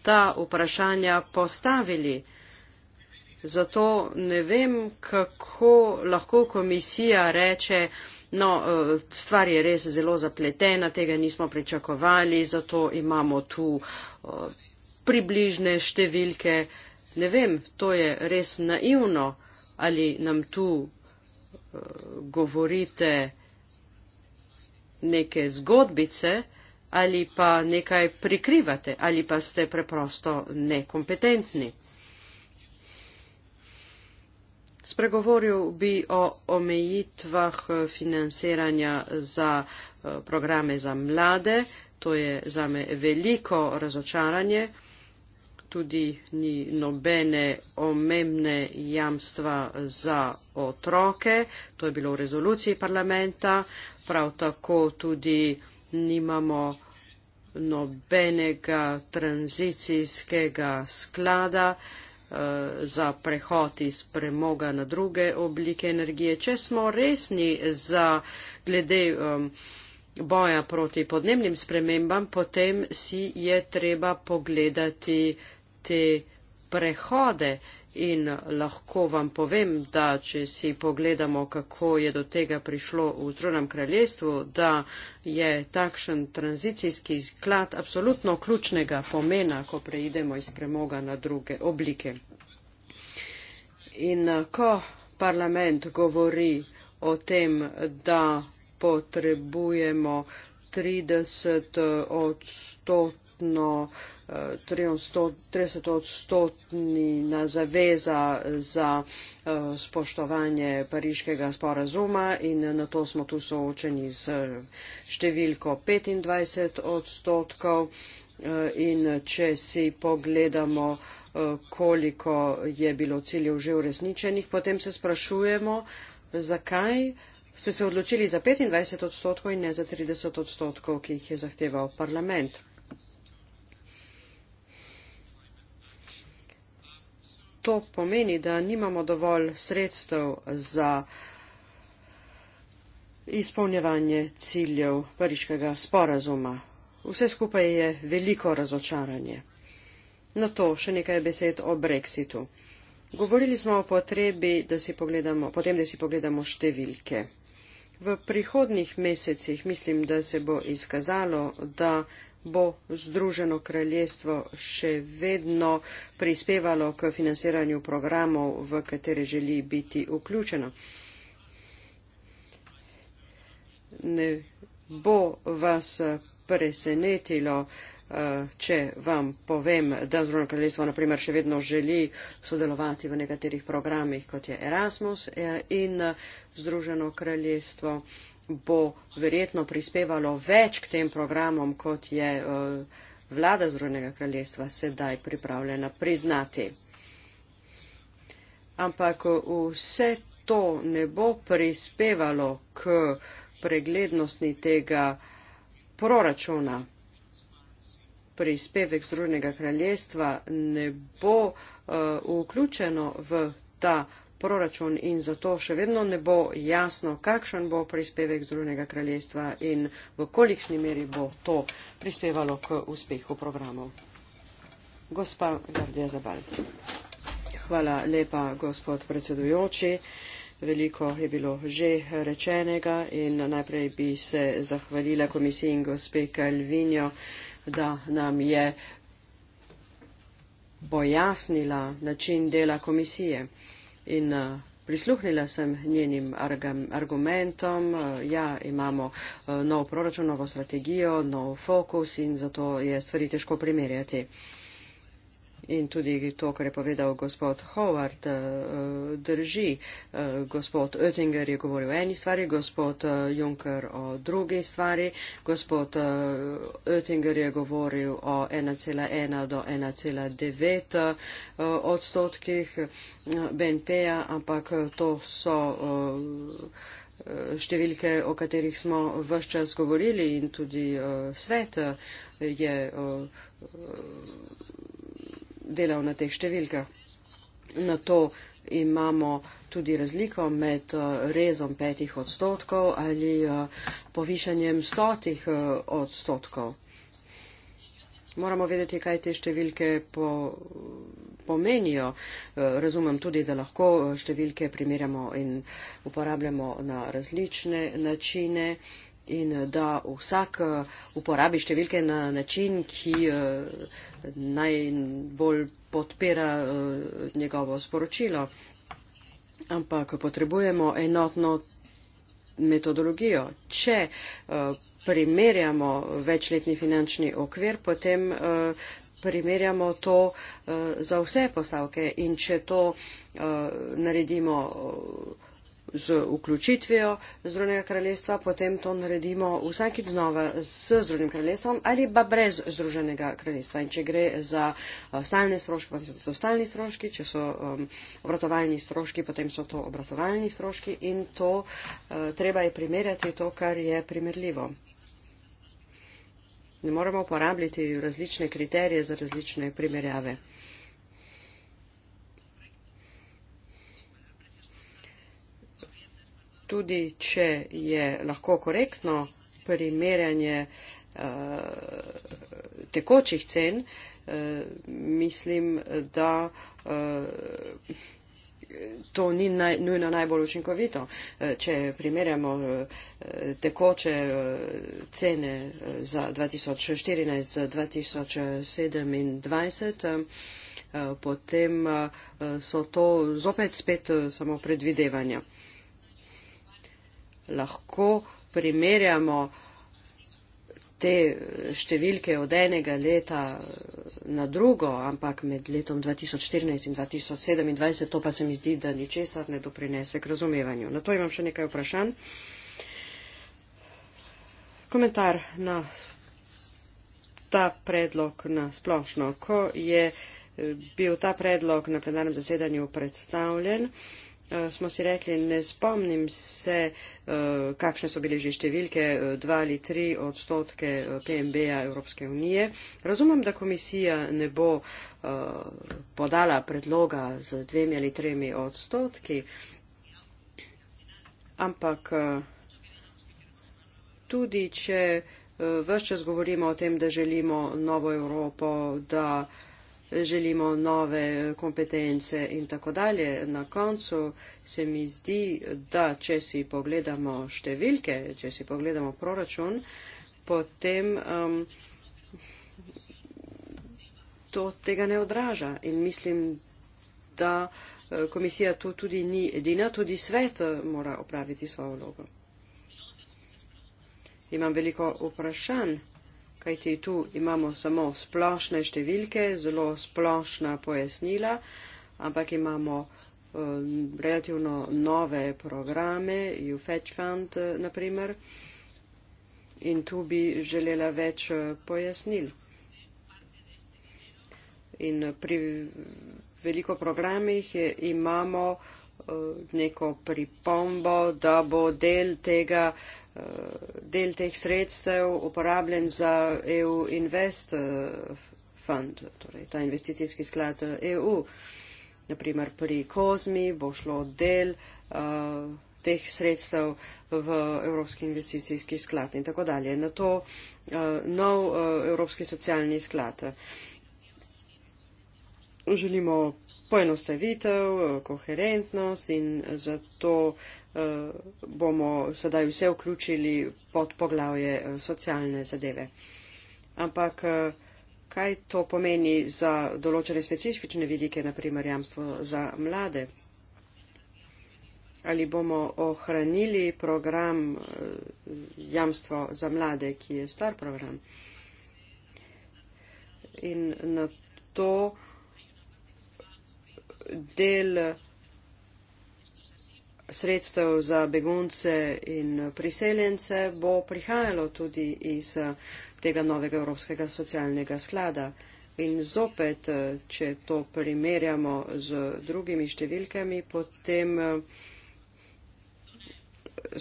ta vprašanja postavili. Zato ne vem, kako lahko komisija reče, no, eh, stvar je res zelo zapletena, tega nismo pričakovali, zato imamo tu eh, približne številke. Ne vem, to je res naivno, ali nam tu eh, govorite neke zgodbice ali pa nekaj prikrivate ali pa ste preprosto nekompetentni. Spregovoril bi o omejitvah eh, financiranja za eh, programe za mlade. To je za me veliko razočaranje. Tudi ni nobene omemne jamstva za otroke. To je bilo v rezoluciji parlamenta. Prav tako tudi nimamo nobenega tranzicijskega sklada. Eh, za prehod iz premoga na druge oblike energije, če smo resni za glede um, boja proti podnebnim spremembam, potem si je treba pogledati te prehode In lahko vam povem, da če si pogledamo, kako je do tega prišlo v Združenem kraljestvu, da je takšen tranzicijski sklad absolutno ključnega pomena, ko preidemo iz premoga na druge oblike. In ko parlament govori o tem, da potrebujemo 30 odstotkov, Eh, odstotno, trideset odstotni na zaveza za eh, spoštovanje pariškega sporazuma in na to smo tu soočeni z eh, številko 25 odstotkov in če si pogledamo, koliko je bilo ciljev že uresničenih, potem se sprašujemo, zakaj ste se odločili za 25 odstotkov in ne za 30 odstotkov, ki jih je zahteval parlament. to pomeni, da nimamo dovolj sredstev za izpolnjevanje ciljev pariškega sporazuma. Vse skupaj je veliko razočaranje. Na to še nekaj besed o brexitu. Govorili smo o potrebi, da si pogledamo, potem da si pogledamo številke. V prihodnih mesecih mislim, da se bo izkazalo, da bo Združeno kraljestvo še vedno prispevalo k financiranju programov, v katere želi biti vključeno. Ne bo vas presenetilo, eh, če vam povem, da Združeno kraljestvo naprimer še vedno želi sodelovati v nekaterih programih, kot je Erasmus eh, in Združeno kraljestvo bo verjetno prispevalo več k tem programom, kot je eh, vlada Združenega kraljestva sedaj pripravljena priznati. Ampak eh, vse to ne bo prispevalo k preglednosti tega proračuna. Prispevek Združenega kraljestva ne bo uh, vključeno v ta proračun proračun in zato še vedno ne bo jasno, kakšen bo prispevek drugega kraljestva in v kolikšni meri bo to prispevalo k uspehu programov. Gospa Gardija Zabal. Hvala lepa, gospod predsedujoči. Veliko je bilo že rečenega in najprej bi se zahvalila komisiji in gospe Kalvinjo, da nam je pojasnila način dela komisije. In eh, prisluhnila sem njenim argumentom, eh, ja, imamo eh, nov proračun, novo strategijo, nov fokus in zato je stvari težko primerjati. In tudi to, kar je povedal gospod Howard, eh, drži. Eh, gospod Oettinger je govoril o eni stvari, gospod eh, Juncker o drugi stvari. Gospod Oettinger je govoril o 1,1 do 1,9 odstotkih BNP-ja, ampak to so številke, o katerih smo vse čas govorili in tudi svet je delal na teh številkah. Na to imamo tudi razliko med eh, rezom petih odstotkov ali eh, povišanjem stotih eh, odstotkov. Moramo vedeti, kaj te številke po, pomenijo. Razumem tudi, da lahko številke primerjamo in uporabljamo na različne načine in eh, da vsak eh, uporabi številke na način, ki eh, najbolj podpira njegovo sporočilo. Ampak potrebujemo enotno metodologijo. Če primerjamo večletni finančni okvir, potem primerjamo to za vse postavke in če to naredimo z vključitvijo Združenega kraljestva, potem to naredimo vsakič znova s Združenim kraljestvom ali pa brez Združenega kraljestva. In če gre za eh, stalne stroške, potem so to stalni stroški, če so um, obratovalni stroški, potem so to obratovalni stroški in to uh, treba je primerjati to, kar je primerljivo. Ne moremo uporabljati različne kriterije za različne primerjave. tudi če je lahko korektno primerjanje uh, tekočih cen, uh, mislim, da uh, To ni naj, nujno najbolj učinkovito. Če primerjamo tekoče cene za 2014 z 2027, potem so to zopet spet samo predvidevanja lahko primerjamo te številke od enega leta na drugo, ampak med letom 2014 in 2027, to pa se mi zdi, da ničesar ne doprinese k razumevanju. Na to imam še nekaj vprašanj. Komentar na ta predlog na splošno. Ko je eh, bil ta predlog na plenarnem zasedanju predstavljen, Eh, smo si rekli, ne spomnim se, eh, kakšne so bile že številke, eh, dva ali tri odstotke PMB-ja Evropske unije. Razumem, da komisija ne bo podala predloga z dvemi ali tremi odstotki, ampak tudi, če vse čas govorimo o tem, da želimo novo Evropo, da želimo nove kompetence in tako dalje. Na koncu se mi zdi, da če si pogledamo številke, če si pogledamo proračun, potem um, to tega ne odraža. In mislim, da eh, komisija tu tudi ni edina, tudi svet eh, mora opraviti svojo vlogo. Imam veliko vprašanj kajti tu imamo samo splošne številke, zelo splošna pojasnila, ampak imamo um, relativno nove programe, UFetchFund eh, naprimer, in tu bi želela več eh, pojasnil. In pri veliko programih je, imamo uh, neko pripombo, da bo del tega, eh, del teh sredstev uporabljen za EU Invest eh, fund, torej ta investicijski sklad EU. Eh, e Naprimer pri Kozmi bo šlo del teh sredstev v Evropski investicijski sklad in tako dalje. Na to nov Evropski socialni sklad. Želimo poenostavitev, koherentnost in zato eh, bomo sedaj vse vključili pod poglavje eh, socialne zadeve. Ampak eh, kaj to pomeni za določene specifične vidike, naprimer jamstvo za mlade? Ali bomo ohranili program jamstvo za mlade, ki je star program? In na to uh, del sredstev za begunce in priseljence bo prihajalo tudi iz tega novega Evropskega socialnega sklada. In zopet, če to primerjamo z drugimi številkami, potem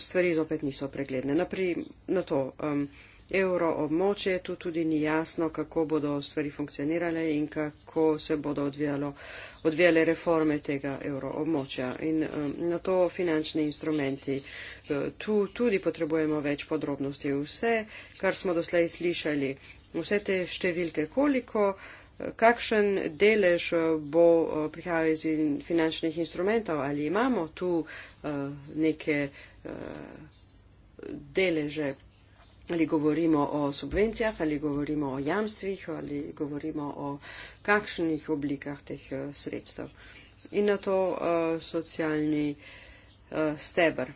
stvari zopet niso pregledne. Naprej na to. Um, evro območje, tu tudi ni jasno, kako bodo stvari funkcionirale in kako se bodo odvijalo, odvijale reforme tega evro območja. In um, na to finančni instrumenti. Uh, tu tudi potrebujemo več podrobnosti. Vse, kar smo doslej slišali, vse te številke, koliko, uh, kakšen delež uh, bo prihajal iz finančnih instrumentov, ali imamo tu neke deleže ali govorimo o subvencijah, ali govorimo o jamstvih, ali govorimo o kakšnih oblikah teh eh, sredstev. In na to uh, socialni uh, eh, stebr.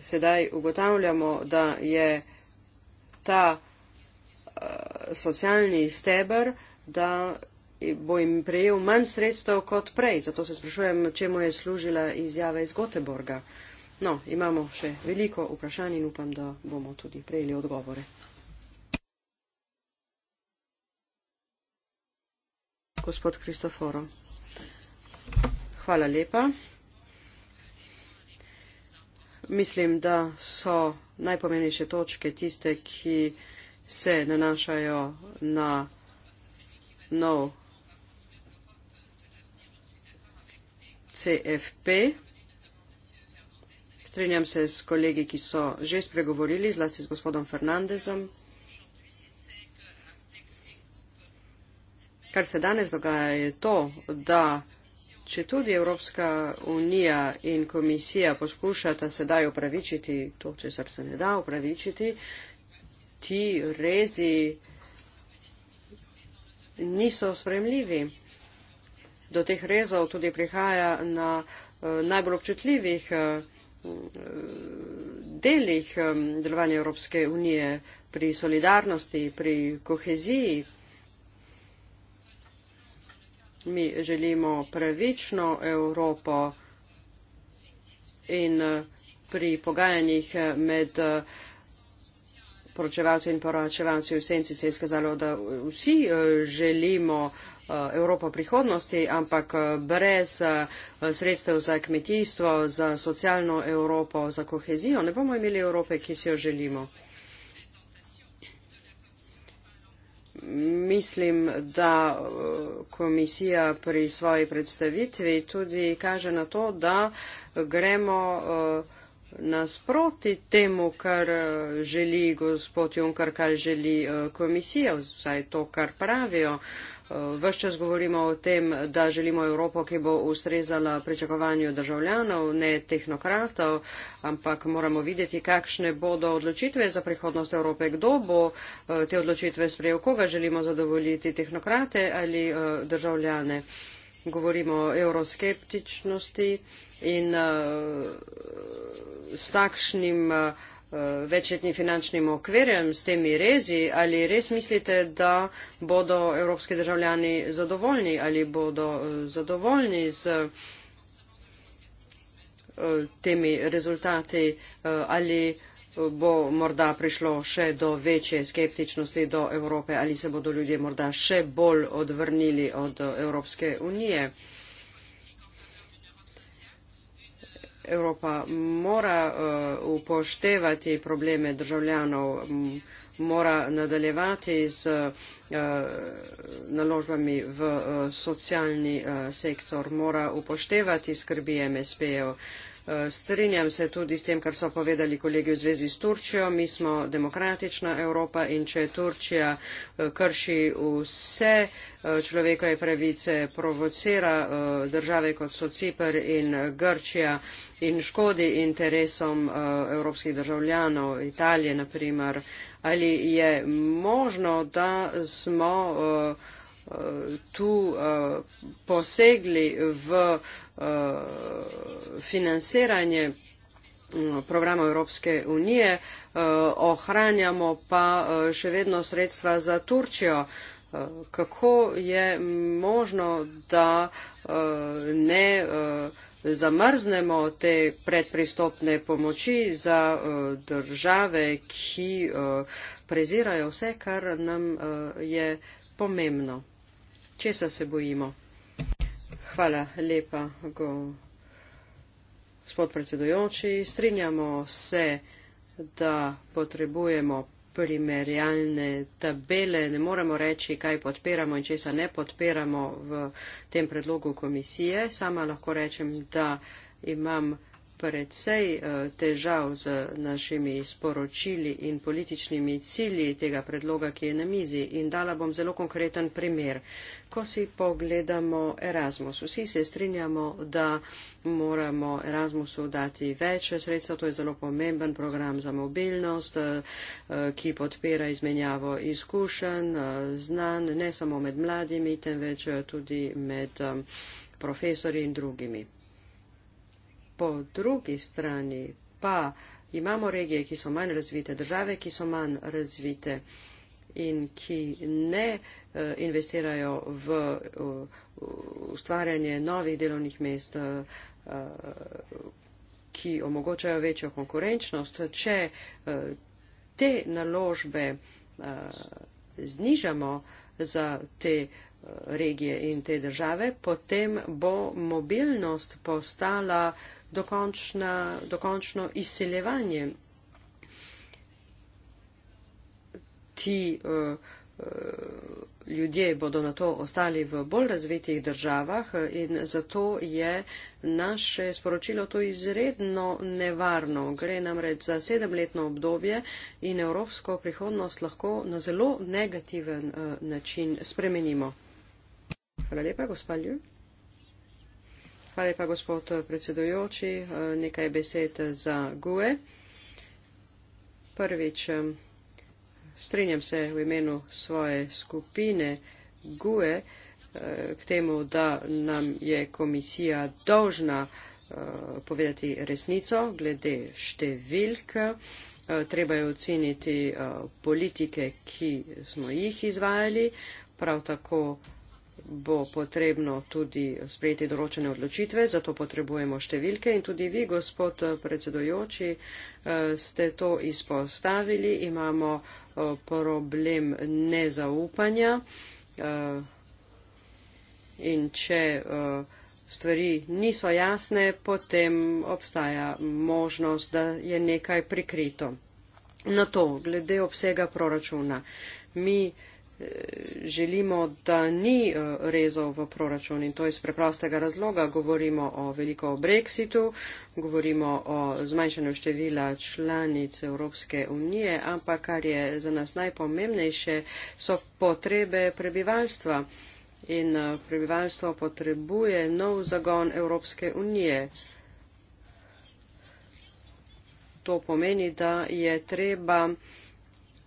Sedaj ugotavljamo, da je ta uh, socialni stebr, da bo jim prejel manj sredstev kot prej. Zato se sprašujem, čemu je služila izjava iz Goteborga. Uh, No, imamo še veliko vprašanj in upam, da bomo tudi prejeli odgovore. Gospod Kristoforo, hvala lepa. Mislim, da so najpomenejše točke tiste, ki se nanašajo na nov CFP. Strenjam se s kolegi, ki so že spregovorili, zlasti s gospodom Fernandezom. Kar se danes dogaja je to, da če tudi Evropska unija in komisija poskušata sedaj upravičiti to, če se ne da upravičiti, ti rezi niso spremljivi. Do teh rezov tudi prihaja na uh, najbolj občutljivih uh, delih delovanja Evropske unije, pri solidarnosti, pri koheziji. Mi želimo pravično Evropo in eh, pri pogajanjih eh, med eh, poročevalci in poročevalci v senci se je skazalo, da vsi želimo Eh, Evropo prihodnosti, ampak eh, brez eh, sredstev za kmetijstvo, za socialno Evropo, za kohezijo, ne bomo imeli Evrope, ki si jo želimo. Mislim, da komisija pri svoji predstavitvi tudi kaže na to, da gremo nasproti temu, kar želi gospod Junkar, kar želi komisija, vsaj to, kar pravijo. Ves čas govorimo o tem, da želimo Evropo, ki bo ustrezala pričakovanju državljanov, ne tehnokratov, ampak moramo videti, kakšne bodo odločitve za prihodnost Evrope, kdo bo eh, te odločitve sprejel, koga želimo zadovoljiti, tehnokrate ali eh, državljane. Govorimo o euroskeptičnosti in eh, s takšnim Eh, večletnim finančnim okvirjem, s temi rezi, ali res mislite, da bodo evropski državljani zadovoljni ali bodo eh, zadovoljni z eh, temi rezultati ali bo morda prišlo še do večje skeptičnosti do Evrope ali se bodo ljudje morda še bolj odvrnili od Evropske unije. Evropa mora uh, upoštevati probleme državljanov, mora nadaljevati z uh, eh, naložbami v uh, socialni uh, sektor, mora upoštevati skrbi MSP-jev. Uh, Eh, strinjam se tudi s tem, kar so povedali kolegi v zvezi s Turčijo. Mi smo demokratična Evropa in če Turčija eh, krši vse eh, človekove pravice, provocira države kot so Cipr in Grčija in škodi interesom evropskih državljanov, Italije naprimer, ali je možno, da smo Eh, tu uh, posegli v uh, financiranje mm, programa Evropske unije, uh, ohranjamo pa uh, še vedno sredstva za Turčijo. Uh, kako je možno, da uh, ne uh, zamrznemo te predpristopne pomoči za uh, države, ki uh, prezirajo vse, kar nam uh, je pomembno? česa se bojimo. Hvala lepa, gospod predsedujoči. Strinjamo se, da potrebujemo primerjalne tabele. Ne moremo reči, kaj podpiramo in česa ne podpiramo v tem predlogu komisije. Sama lahko rečem, da imam precej eh, težav z našimi sporočili in političnimi cilji tega predloga, ki je na mizi. In dala bom zelo konkreten primer. Ko si pogledamo Erasmus, vsi se strinjamo, da moramo Erasmusu dati več sredstva. To je zelo pomemben program za mobilnost, eh, ki podpira izmenjavo izkušenj, eh, znanj, ne samo med mladimi, temveč tudi med profesori in drugimi po drugi strani pa imamo regije, ki so manj razvite, države, ki so manj razvite in ki ne eh, investirajo v ustvarjanje novih delovnih mest, eh, ki omogočajo večjo konkurenčnost. Če eh, te naložbe znižamo za te regije in te države, potem bo mobilnost postala dokončna, dokončno izseljevanje. Ti uh, uh, ljudje bodo na to ostali v bolj razvitih državah eh, in zato je naše sporočilo to izredno nevarno. Gre namreč za sedemletno obdobje in evropsko prihodnost lahko na zelo negativen uh, način spremenimo. Hvala lepa, gospod Ljub. Hvala lepa, gospod eh, predsedujoči. Eh, nekaj besed za GUE. Prvič, eh, strinjam se v imenu svoje skupine GUE k temu, da nam je komisija dolžna povedati resnico glede številk. Treba je oceniti politike, ki smo jih izvajali, prav tako bo potrebno tudi sprejeti določene odločitve, zato potrebujemo številke in tudi vi, gospod predsedojoči, eh, ste to izpostavili. Imamo eh, problem nezaupanja eh, in če stvari niso jasne, potem obstaja možnost, da je nekaj prikrito. Na to, glede obsega proračuna, mi želimo, da ni eh, rezov v proračun in to iz preprostega razloga. Govorimo o veliko o brexitu, govorimo o zmanjšanju števila članic Evropske unije, ampak kar je za nas najpomembnejše, so potrebe prebivalstva. In eh, prebivalstvo potrebuje nov zagon Evropske unije. To pomeni, da je treba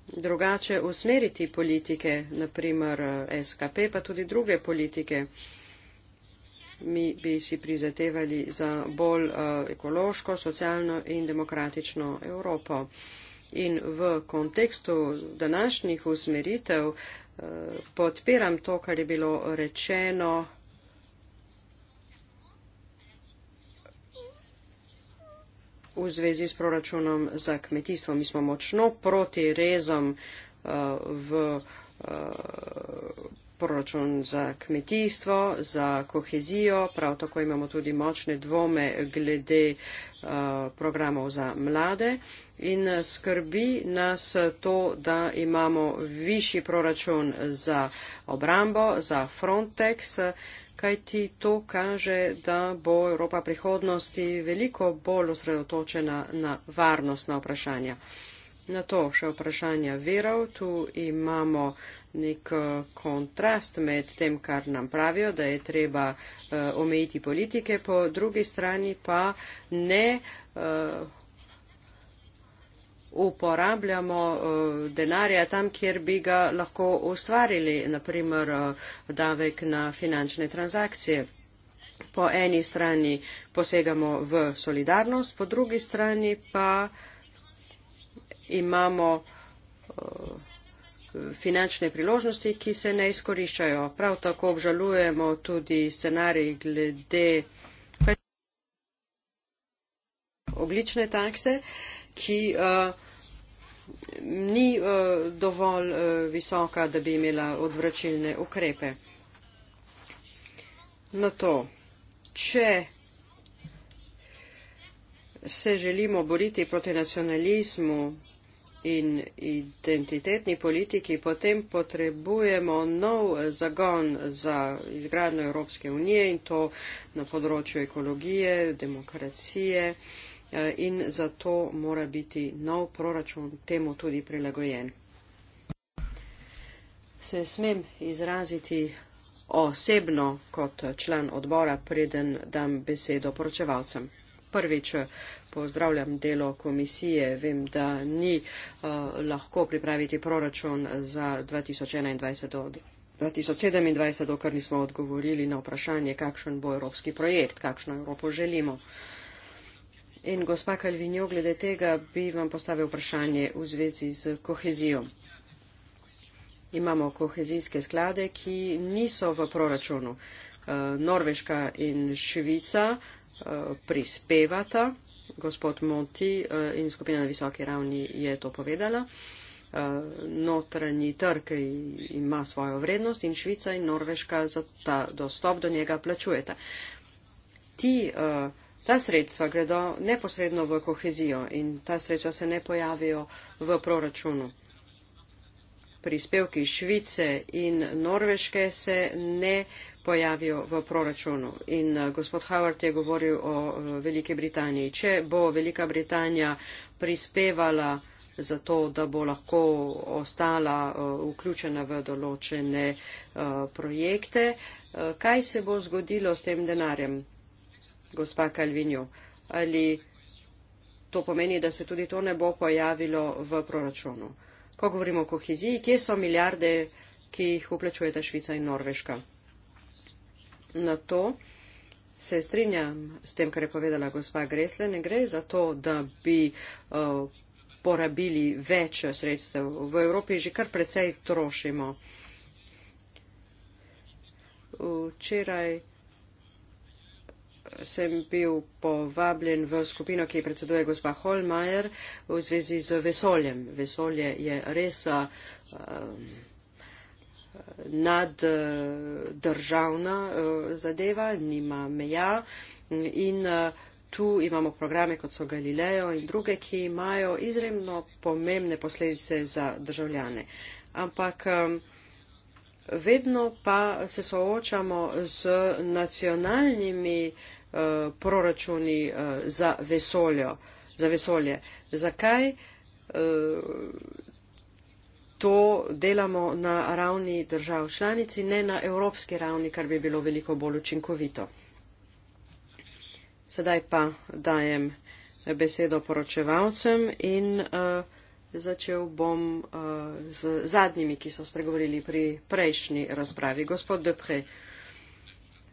drugače usmeriti politike, naprimer eh, SKP, pa tudi druge politike. Mi bi si prizatevali za bolj eh, ekološko, socialno in demokratično Evropo. In v kontekstu današnjih usmeritev eh, podpiram to, kar je bilo rečeno v zvezi s proračunom za kmetijstvo. Mi smo močno proti rezom uh, v uh, proračun za kmetijstvo, za kohezijo, prav tako imamo tudi močne dvome glede uh, programov za mlade in uh, skrbi nas to, da imamo višji proračun za obrambo, za Frontex, kajti to kaže, da bo Evropa prihodnosti veliko bolj osredotočena na varnostna vprašanja. Na to še vprašanja verov. Tu imamo nek eh, kontrast med tem, kar nam pravijo, da je treba uh, omejiti politike, po drugi strani pa ne uh, uporabljamo uh, denarja tam, kjer bi ga lahko ustvarili, naprimer uh, davek na finančne transakcije. Po eni strani posegamo v solidarnost, po drugi strani pa imamo. Uh, finančne priložnosti, ki se ne izkoriščajo. Prav tako obžalujemo tudi scenarij glede oglične takse, ki eh, ni eh, dovolj eh, visoka, da bi imela odvračilne ukrepe. Na no to, če se želimo boriti proti nacionalizmu, in identitetni politiki, potem potrebujemo nov zagon za izgradno Evropske unije in to na področju ekologije, demokracije eh, in zato mora biti nov proračun temu tudi prilagojen. Se smem izraziti osebno kot član odbora, preden dam besedo poročevalcem. Prvič, pozdravljam delo komisije. Vem, da ni uh, lahko pripraviti proračun za 2021 od 2027, dokler nismo odgovorili na vprašanje, kakšen bo evropski projekt, kakšno Evropo želimo. In gospa Kalvinjo, glede tega bi vam postavil vprašanje v zvezi z kohezijo. Imamo kohezijske sklade, ki niso v proračunu. Uh, Norveška in Švica uh, prispevata gospod Monti uh, in skupina na visoki ravni je to povedala. Uh, notranji trg ima svojo vrednost in Švica in Norveška za ta dostop do njega plačujeta. Ti, uh, ta sredstva gredo neposredno v kohezijo in ta sredstva se ne pojavijo v proračunu prispevki Švice in Norveške se ne pojavijo v proračunu. In eh, gospod Howard je govoril o eh, Veliki Britaniji. Če bo Velika Britanija prispevala za to, da bo lahko ostala eh, vključena v določene projekte, kaj se bo zgodilo s tem denarjem, gospa Kalvinjo? Ali to pomeni, da se tudi to ne bo pojavilo v proračunu? ko govorimo o koheziji, kje so milijarde, ki jih uplačujeta Švica in Norveška. Na to se strinjam s tem, kar je povedala gospa Gresle, ne gre za to, da bi uh, porabili več sredstev. V Evropi že kar precej trošimo. Včeraj. Uh, sem bil povabljen v skupino, ki predseduje gospa Holmajer v zvezi z vesoljem. Vesolje je res um, naddržavna uh, zadeva, nima meja in uh, Tu imamo programe, kot so Galileo in druge, ki imajo izremno pomembne posledice za državljane. Ampak um, vedno pa se soočamo z nacionalnimi eh, proračuni eh, za, vesoljo, za vesolje. Zakaj eh, to delamo na ravni držav članici, ne na evropski ravni, kar bi bilo veliko bolj učinkovito? Sedaj pa dajem besedo poročevalcem in uh, Začel bom uh, z zadnjimi, ki so spregovorili pri prejšnji razpravi. Gospod Depre,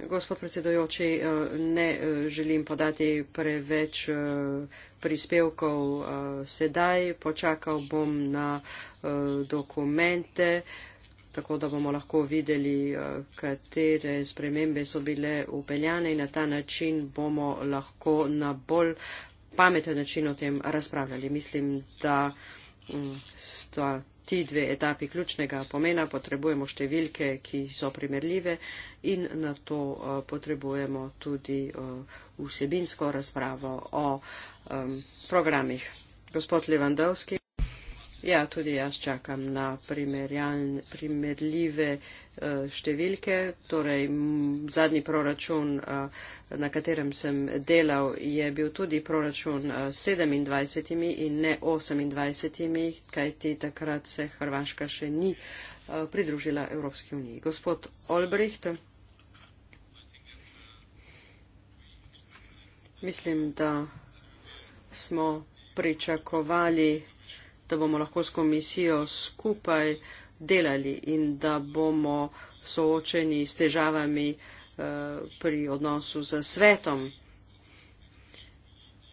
gospod predsedojoči, uh, eh, ne uh, želim podati preveč uh, prispevkov uh, sedaj. Počakal bom na uh, dokumente, tako da bomo lahko videli, uh, katere spremembe so bile upeljane in na ta način bomo lahko na bolj pameten način o tem razpravljali. Mislim, da sta ti dve etapi ključnega pomena, potrebujemo številke, ki so primerljive in na to eh, potrebujemo tudi eh, vsebinsko razpravo o programih. Gospod Levandovski. Ja, tudi jaz čakam na primerljive eh, številke. Torej, zadnji proračun, eh, na katerem sem delal, je bil tudi proračun 27 eh, in ne 28, kajti takrat se Hrvaška še ni pridružila Evropski uniji. Gospod Olbricht. Mislim, da smo pričakovali da bomo lahko s komisijo skupaj delali in da bomo soočeni s težavami eh, pri odnosu z svetom.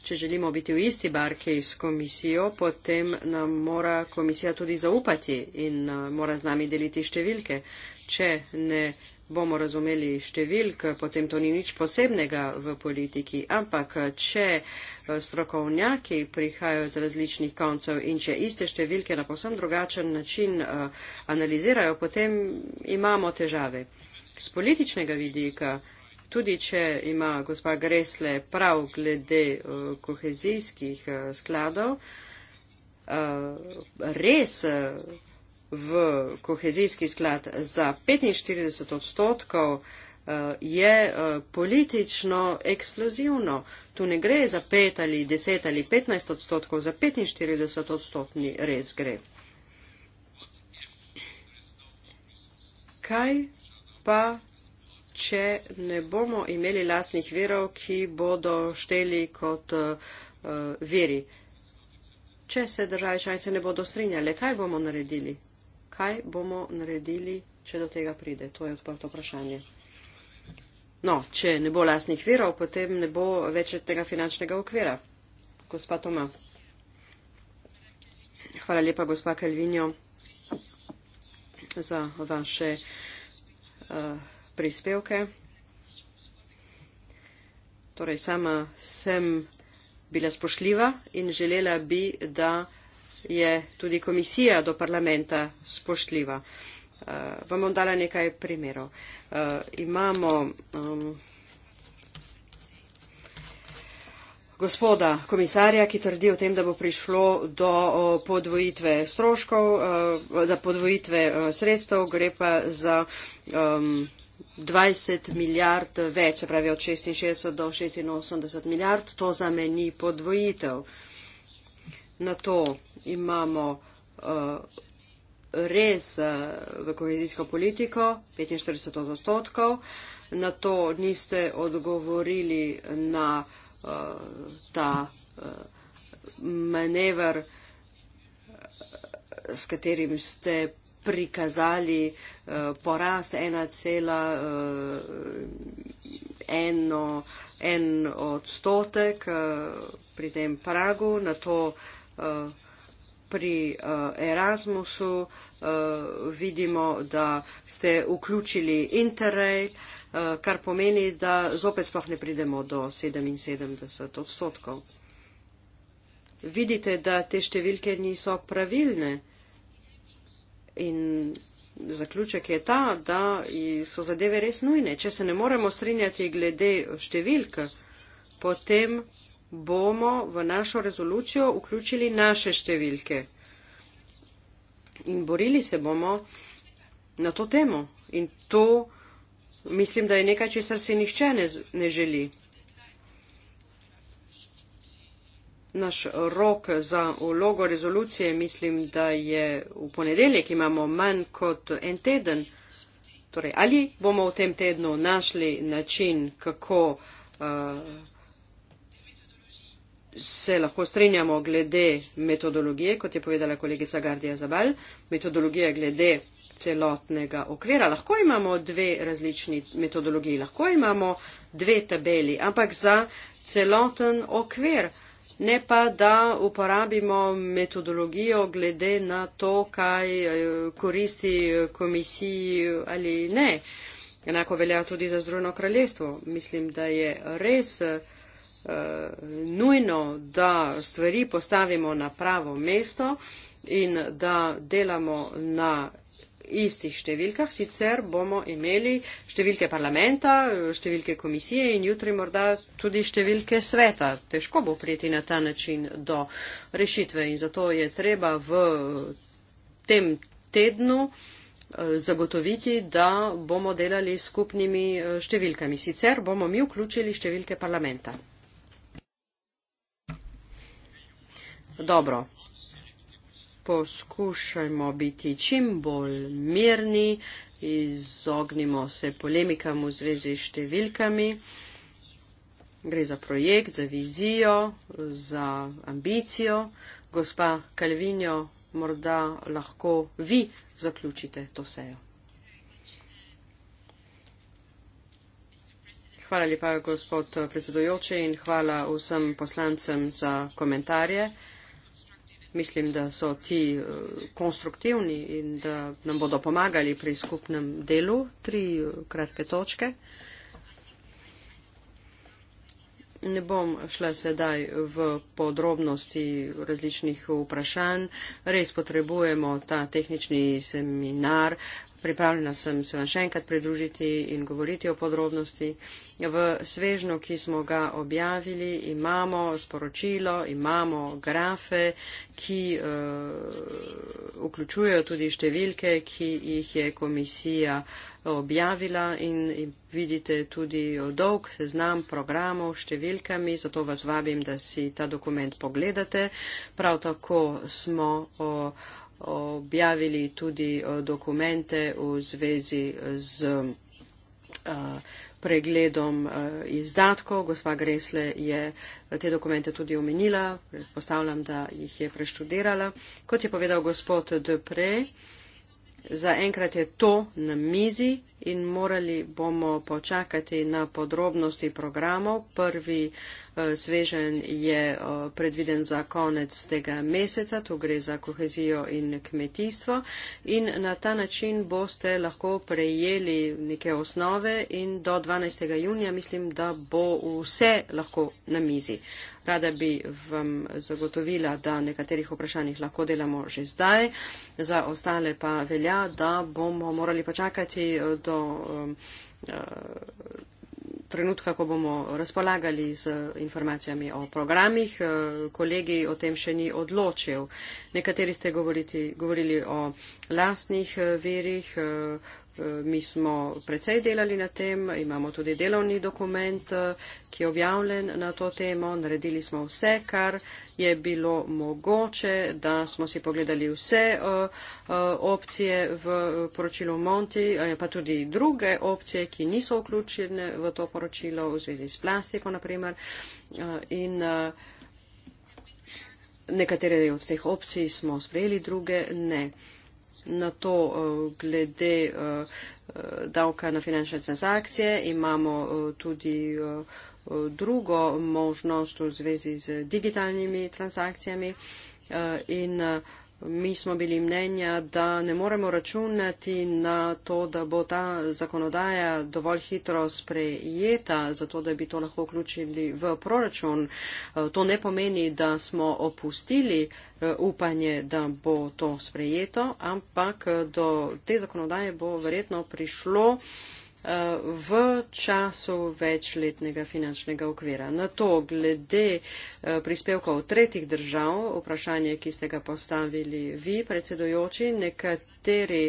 Če želimo biti v isti barki s komisijo, potem nam mora komisija tudi zaupati in eh, mora z nami deliti številke. Če ne bomo razumeli številke, potem to ni nič posebnega v politiki. Ampak, če eh, strokovnjaki prihajajo z različnih koncev in če iste številke na posem drugačen način eh, analizirajo, potem imamo težave. Z političnega vidika, tudi če ima gospa Gresle prav glede eh, kohezijskih skladov, res v kohezijski sklad za 45 odstotkov eh, je eh, politično eksplozivno. Tu ne gre za 5 ali 10 ali 15 odstotkov, za 45 odstotni res gre. Kaj pa, če ne bomo imeli lastnih verov, ki bodo šteli kot uh, eh, veri? Če se države članice ne bodo strinjale, kaj bomo naredili? kaj bomo naredili, če do tega pride? To je odprto vprašanje. No, če ne bo lasnih verov, potem ne bo več tega finančnega okvira. Gospa Toma. Hvala lepa, gospa Kalvinjo, za vaše uh, prispevke. Torej, sama sem bila spošljiva in želela bi, da je tudi komisija do parlamenta spoštljiva. Uh, vam bom dala nekaj primerov. Uh, imamo um, gospoda komisarja, ki trdi o tem, da bo prišlo do o, podvojitve stroškov, uh, eh, da podvojitve uh, sredstev gre pa za. Um, 20 milijard več, se pravi od 66 do 86 milijard, to za meni podvojitev. Uh, na to imamo uh, res uh, v kohezijsko politiko 45 odstotkov, na to niste odgovorili na uh, ta uh, manever, s katerim ste prikazali uh, porast 1,1 uh, odstotek uh, pri tem pragu, na to uh, Eh, pri eh, Erasmusu, eh, vidimo, da ste vključili Interrail, kar pomeni, da zopet sploh ne pridemo do 77 odstotkov. Vidite, da te številke niso pravilne in zaključek je ta, da so zadeve res nujne. Če se ne moremo strinjati glede številk, potem bomo v našo rezolucijo vključili naše številke. In borili se bomo na to temo. In to mislim, da je nekaj, česar si nihče ne, ne želi. Naš rok za vlogo rezolucije mislim, da je v ponedeljek, imamo manj kot en teden. Torej, ali bomo v tem tednu našli način, kako uh, se lahko strinjamo glede metodologije, kot je povedala kolegica Gardija Zabal, metodologije glede celotnega okvira. Lahko imamo dve različni metodologiji, lahko imamo dve tabeli, ampak za celoten okvir, ne pa da uporabimo metodologijo glede na to, kaj eh, koristi eh, komisiji ali ne. Enako velja tudi za Združeno kraljestvo. Mislim, da je res. Eh, nujno, da stvari postavimo na pravo mesto in da delamo na istih številkah, sicer bomo imeli številke parlamenta, številke komisije in jutri morda tudi številke sveta. Težko bo priti na ta način do rešitve in zato je treba v tem tednu eh, zagotoviti, da bomo delali s skupnimi eh, številkami. Sicer bomo mi vključili številke parlamenta. Dobro. Poskušajmo biti čim bolj mirni, izognimo se polemikam v zvezi s številkami. Gre za projekt, za vizijo, za ambicijo. Gospa Kalvinjo, morda lahko vi zaključite to sejo. Hvala lepa, gospod predsedojoče, in hvala vsem poslancem za komentarje mislim, da so ti eh, konstruktivni in da nam bodo pomagali pri skupnem delu. Tri eh, kratke točke. Ne bom šla sedaj v podrobnosti različnih vprašanj. Res potrebujemo ta tehnični seminar, Pripravljena sem se vam še enkrat pridružiti in govoriti o podrobnosti. V svežnju, ki smo ga objavili, imamo sporočilo, imamo grafe, ki uh, vključujejo tudi številke, ki jih je komisija eh, objavila in vidite tudi eh, dolg seznam programov s številkami, zato vas vabim, da si ta dokument pogledate. Prav tako smo uh, objavili tudi eh, dokumente v zvezi z eh, pregledom eh, izdatkov. Gospa Gresle je te dokumente tudi omenila, predpostavljam, da jih je preštudirala. Kot je povedal gospod Depre, Zaenkrat je to na mizi in morali bomo počakati na podrobnosti programov. Prvi eh, svežen je eh, predviden za konec tega meseca, tu gre za kohezijo in kmetijstvo. In na ta način boste lahko prejeli neke osnove in do 12. junija mislim, da bo vse lahko na mizi. Eh, Rada bi vam zagotovila, da nekaterih vprašanjih lahko delamo že zdaj, za ostale pa velja, da bomo morali počakati do um, uh, trenutka, ko bomo razpolagali z informacijami o programih. Uh, kolegi o tem še ni odločil. Nekateri ste govoriti, govorili o lastnih uh, verih, Eh, mi smo precej delali na tem, imamo tudi delovni dokument, eh, ki je objavljen na to temo. Naredili smo vse, kar je bilo mogoče, da smo si pogledali vse eh, opcije v poročilu Monti, pa tudi druge opcije, ki niso vključene v to poročilo v zvezi s plastiko, naprimer. In nekatere od teh opcij smo sprejeli, druge ne na to eh, glede eh, davka na finančne transakcije. Imamo eh, tudi drugo možnost v zvezi z digitalnimi transakcijami in Mi smo bili mnenja, da ne moremo računati na to, da bo ta zakonodaja dovolj hitro sprejeta, zato da bi to lahko vključili v proračun. E, to ne pomeni, da smo opustili e, upanje, da bo to sprejeto, ampak e, do te zakonodaje bo verjetno prišlo. Eh, v času večletnega finančnega okvira. Na to glede eh, prispevkov tretjih držav, vprašanje, ki ste ga postavili vi, predsedujoči, nekateri.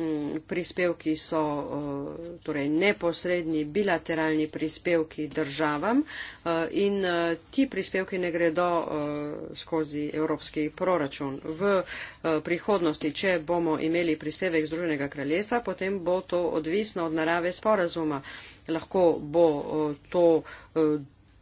Mm, prispevki so eh, torej neposredni bilateralni prispevki državam eh, in eh, ti prispevki ne gredo skozi evropski proračun. V prihodnosti, če bomo imeli prispevek Združenega kraljestva, potem bo to odvisno od narave sporazuma. Lahko bo to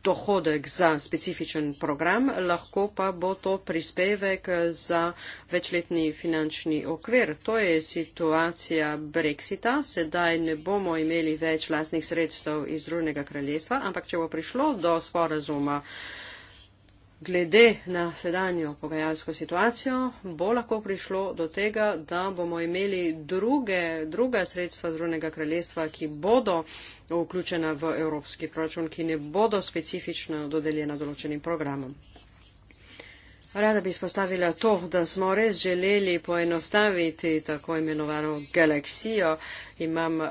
dohodek za specifičen program, lahko pa bo to prispevek za večletni finančni okvir. To je situacija Brexita. Sedaj ne bomo imeli več lastnih sredstev iz Drugega kraljestva, ampak če bo prišlo do sporazuma, glede na sedanjo pogajalsko situacijo bo lahko prišlo do tega, da bomo imeli druge, druga sredstva Združenega kraljestva, ki bodo vključena v evropski proračun, ki ne bodo specifično dodeljena določenim programom. Rada bi izpostavila to, da smo res želeli poenostaviti tako imenovano galaksijo. Imam uh,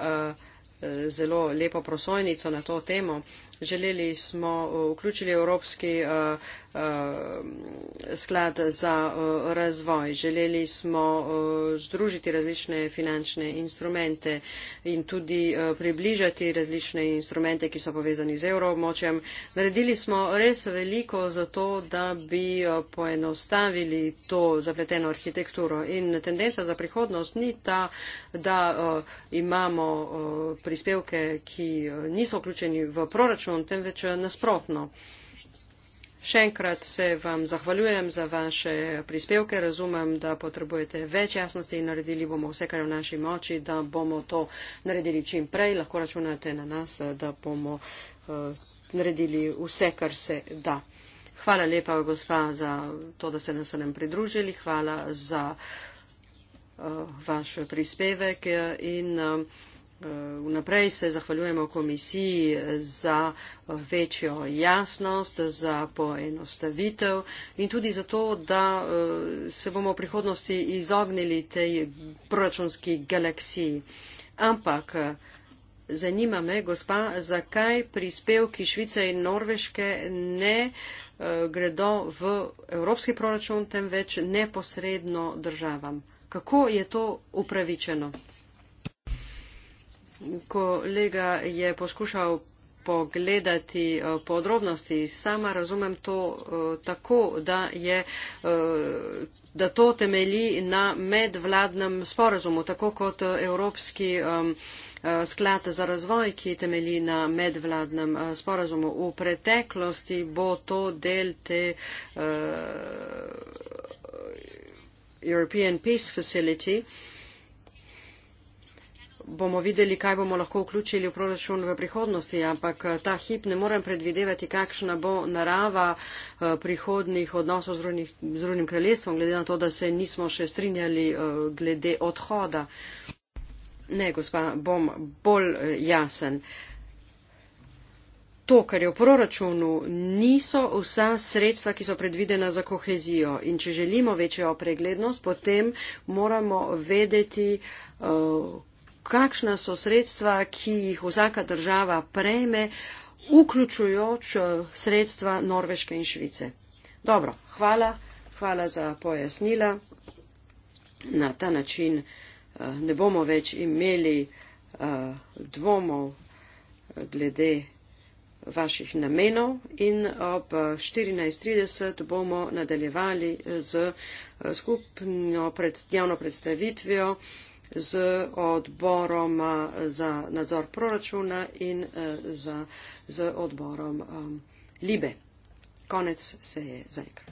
zelo lepo prosojnico na to temo. Želeli smo uh, eh, vključiti evropski uh, Eh, sklad za eh, razvoj. Želeli smo eh, združiti različne finančne instrumente in tudi približati različne instrumente, ki so povezani z evroobmočjem. Naredili smo res veliko za to, da bi poenostavili to zapleteno arhitekturo. In tendenca za prihodnost ni ta, da imamo prispevke, ki niso vključeni v proračun, temveč nasprotno. Še enkrat se vam zahvaljujem za vaše prispevke. Razumem, da potrebujete več jasnosti in naredili bomo vse, kar je v naši moči, da bomo to naredili čim prej. Lahko računate na nas, da bomo uh, naredili vse, kar se da. Hvala lepa, gospa, za to, da ste nas nam pridružili. Hvala za uh, vaš prispevek eh, in. Uh, Vnaprej se zahvaljujemo komisiji za eh, večjo jasnost, za poenostavitev in tudi za to, da eh, se bomo v prihodnosti izognili tej proračunski galaksiji. Ampak eh, zanima me, gospa, zakaj prispevki Švice in Norveške ne gredo v evropski proračun, temveč neposredno državam. Kako je to upravičeno? Kolega je poskušal pogledati eh, podrobnosti. Sama razumem to uh, tako, da, je, uh, da to temelji na medvladnem sporazumu, tako kot Evropski um, sklad za razvoj, ki temelji na medvladnem uh, sporazumu. V preteklosti bo to del te. Uh, European Peace Facility uh, bomo videli, kaj bomo lahko vključili v proračun v prihodnosti, ampak eh, ta hip ne morem predvidevati, kakšna bo narava eh, prihodnih odnosov z Rudnim kraljestvom, glede na to, da se nismo še strinjali eh, glede odhoda. Ne, gospa, bom bolj jasen. To, kar je v proračunu, niso vsa sredstva, ki so predvidena za kohezijo. In če želimo večjo preglednost, potem moramo vedeti, uh, kakšna so sredstva, ki jih vsaka država prejme, vključujoč eh, sredstva Norveške in Švice. Dobro, hvala, hvala za pojasnila. Na ta način eh, ne bomo več imeli eh, dvomov glede vaših namenov in ob 14.30 bomo nadaljevali z skupno pred, javno predstavitvijo z odboroma eh, za nadzor proračuna in eh, za, z odborom um, Libe. Konec se je zaenkrat.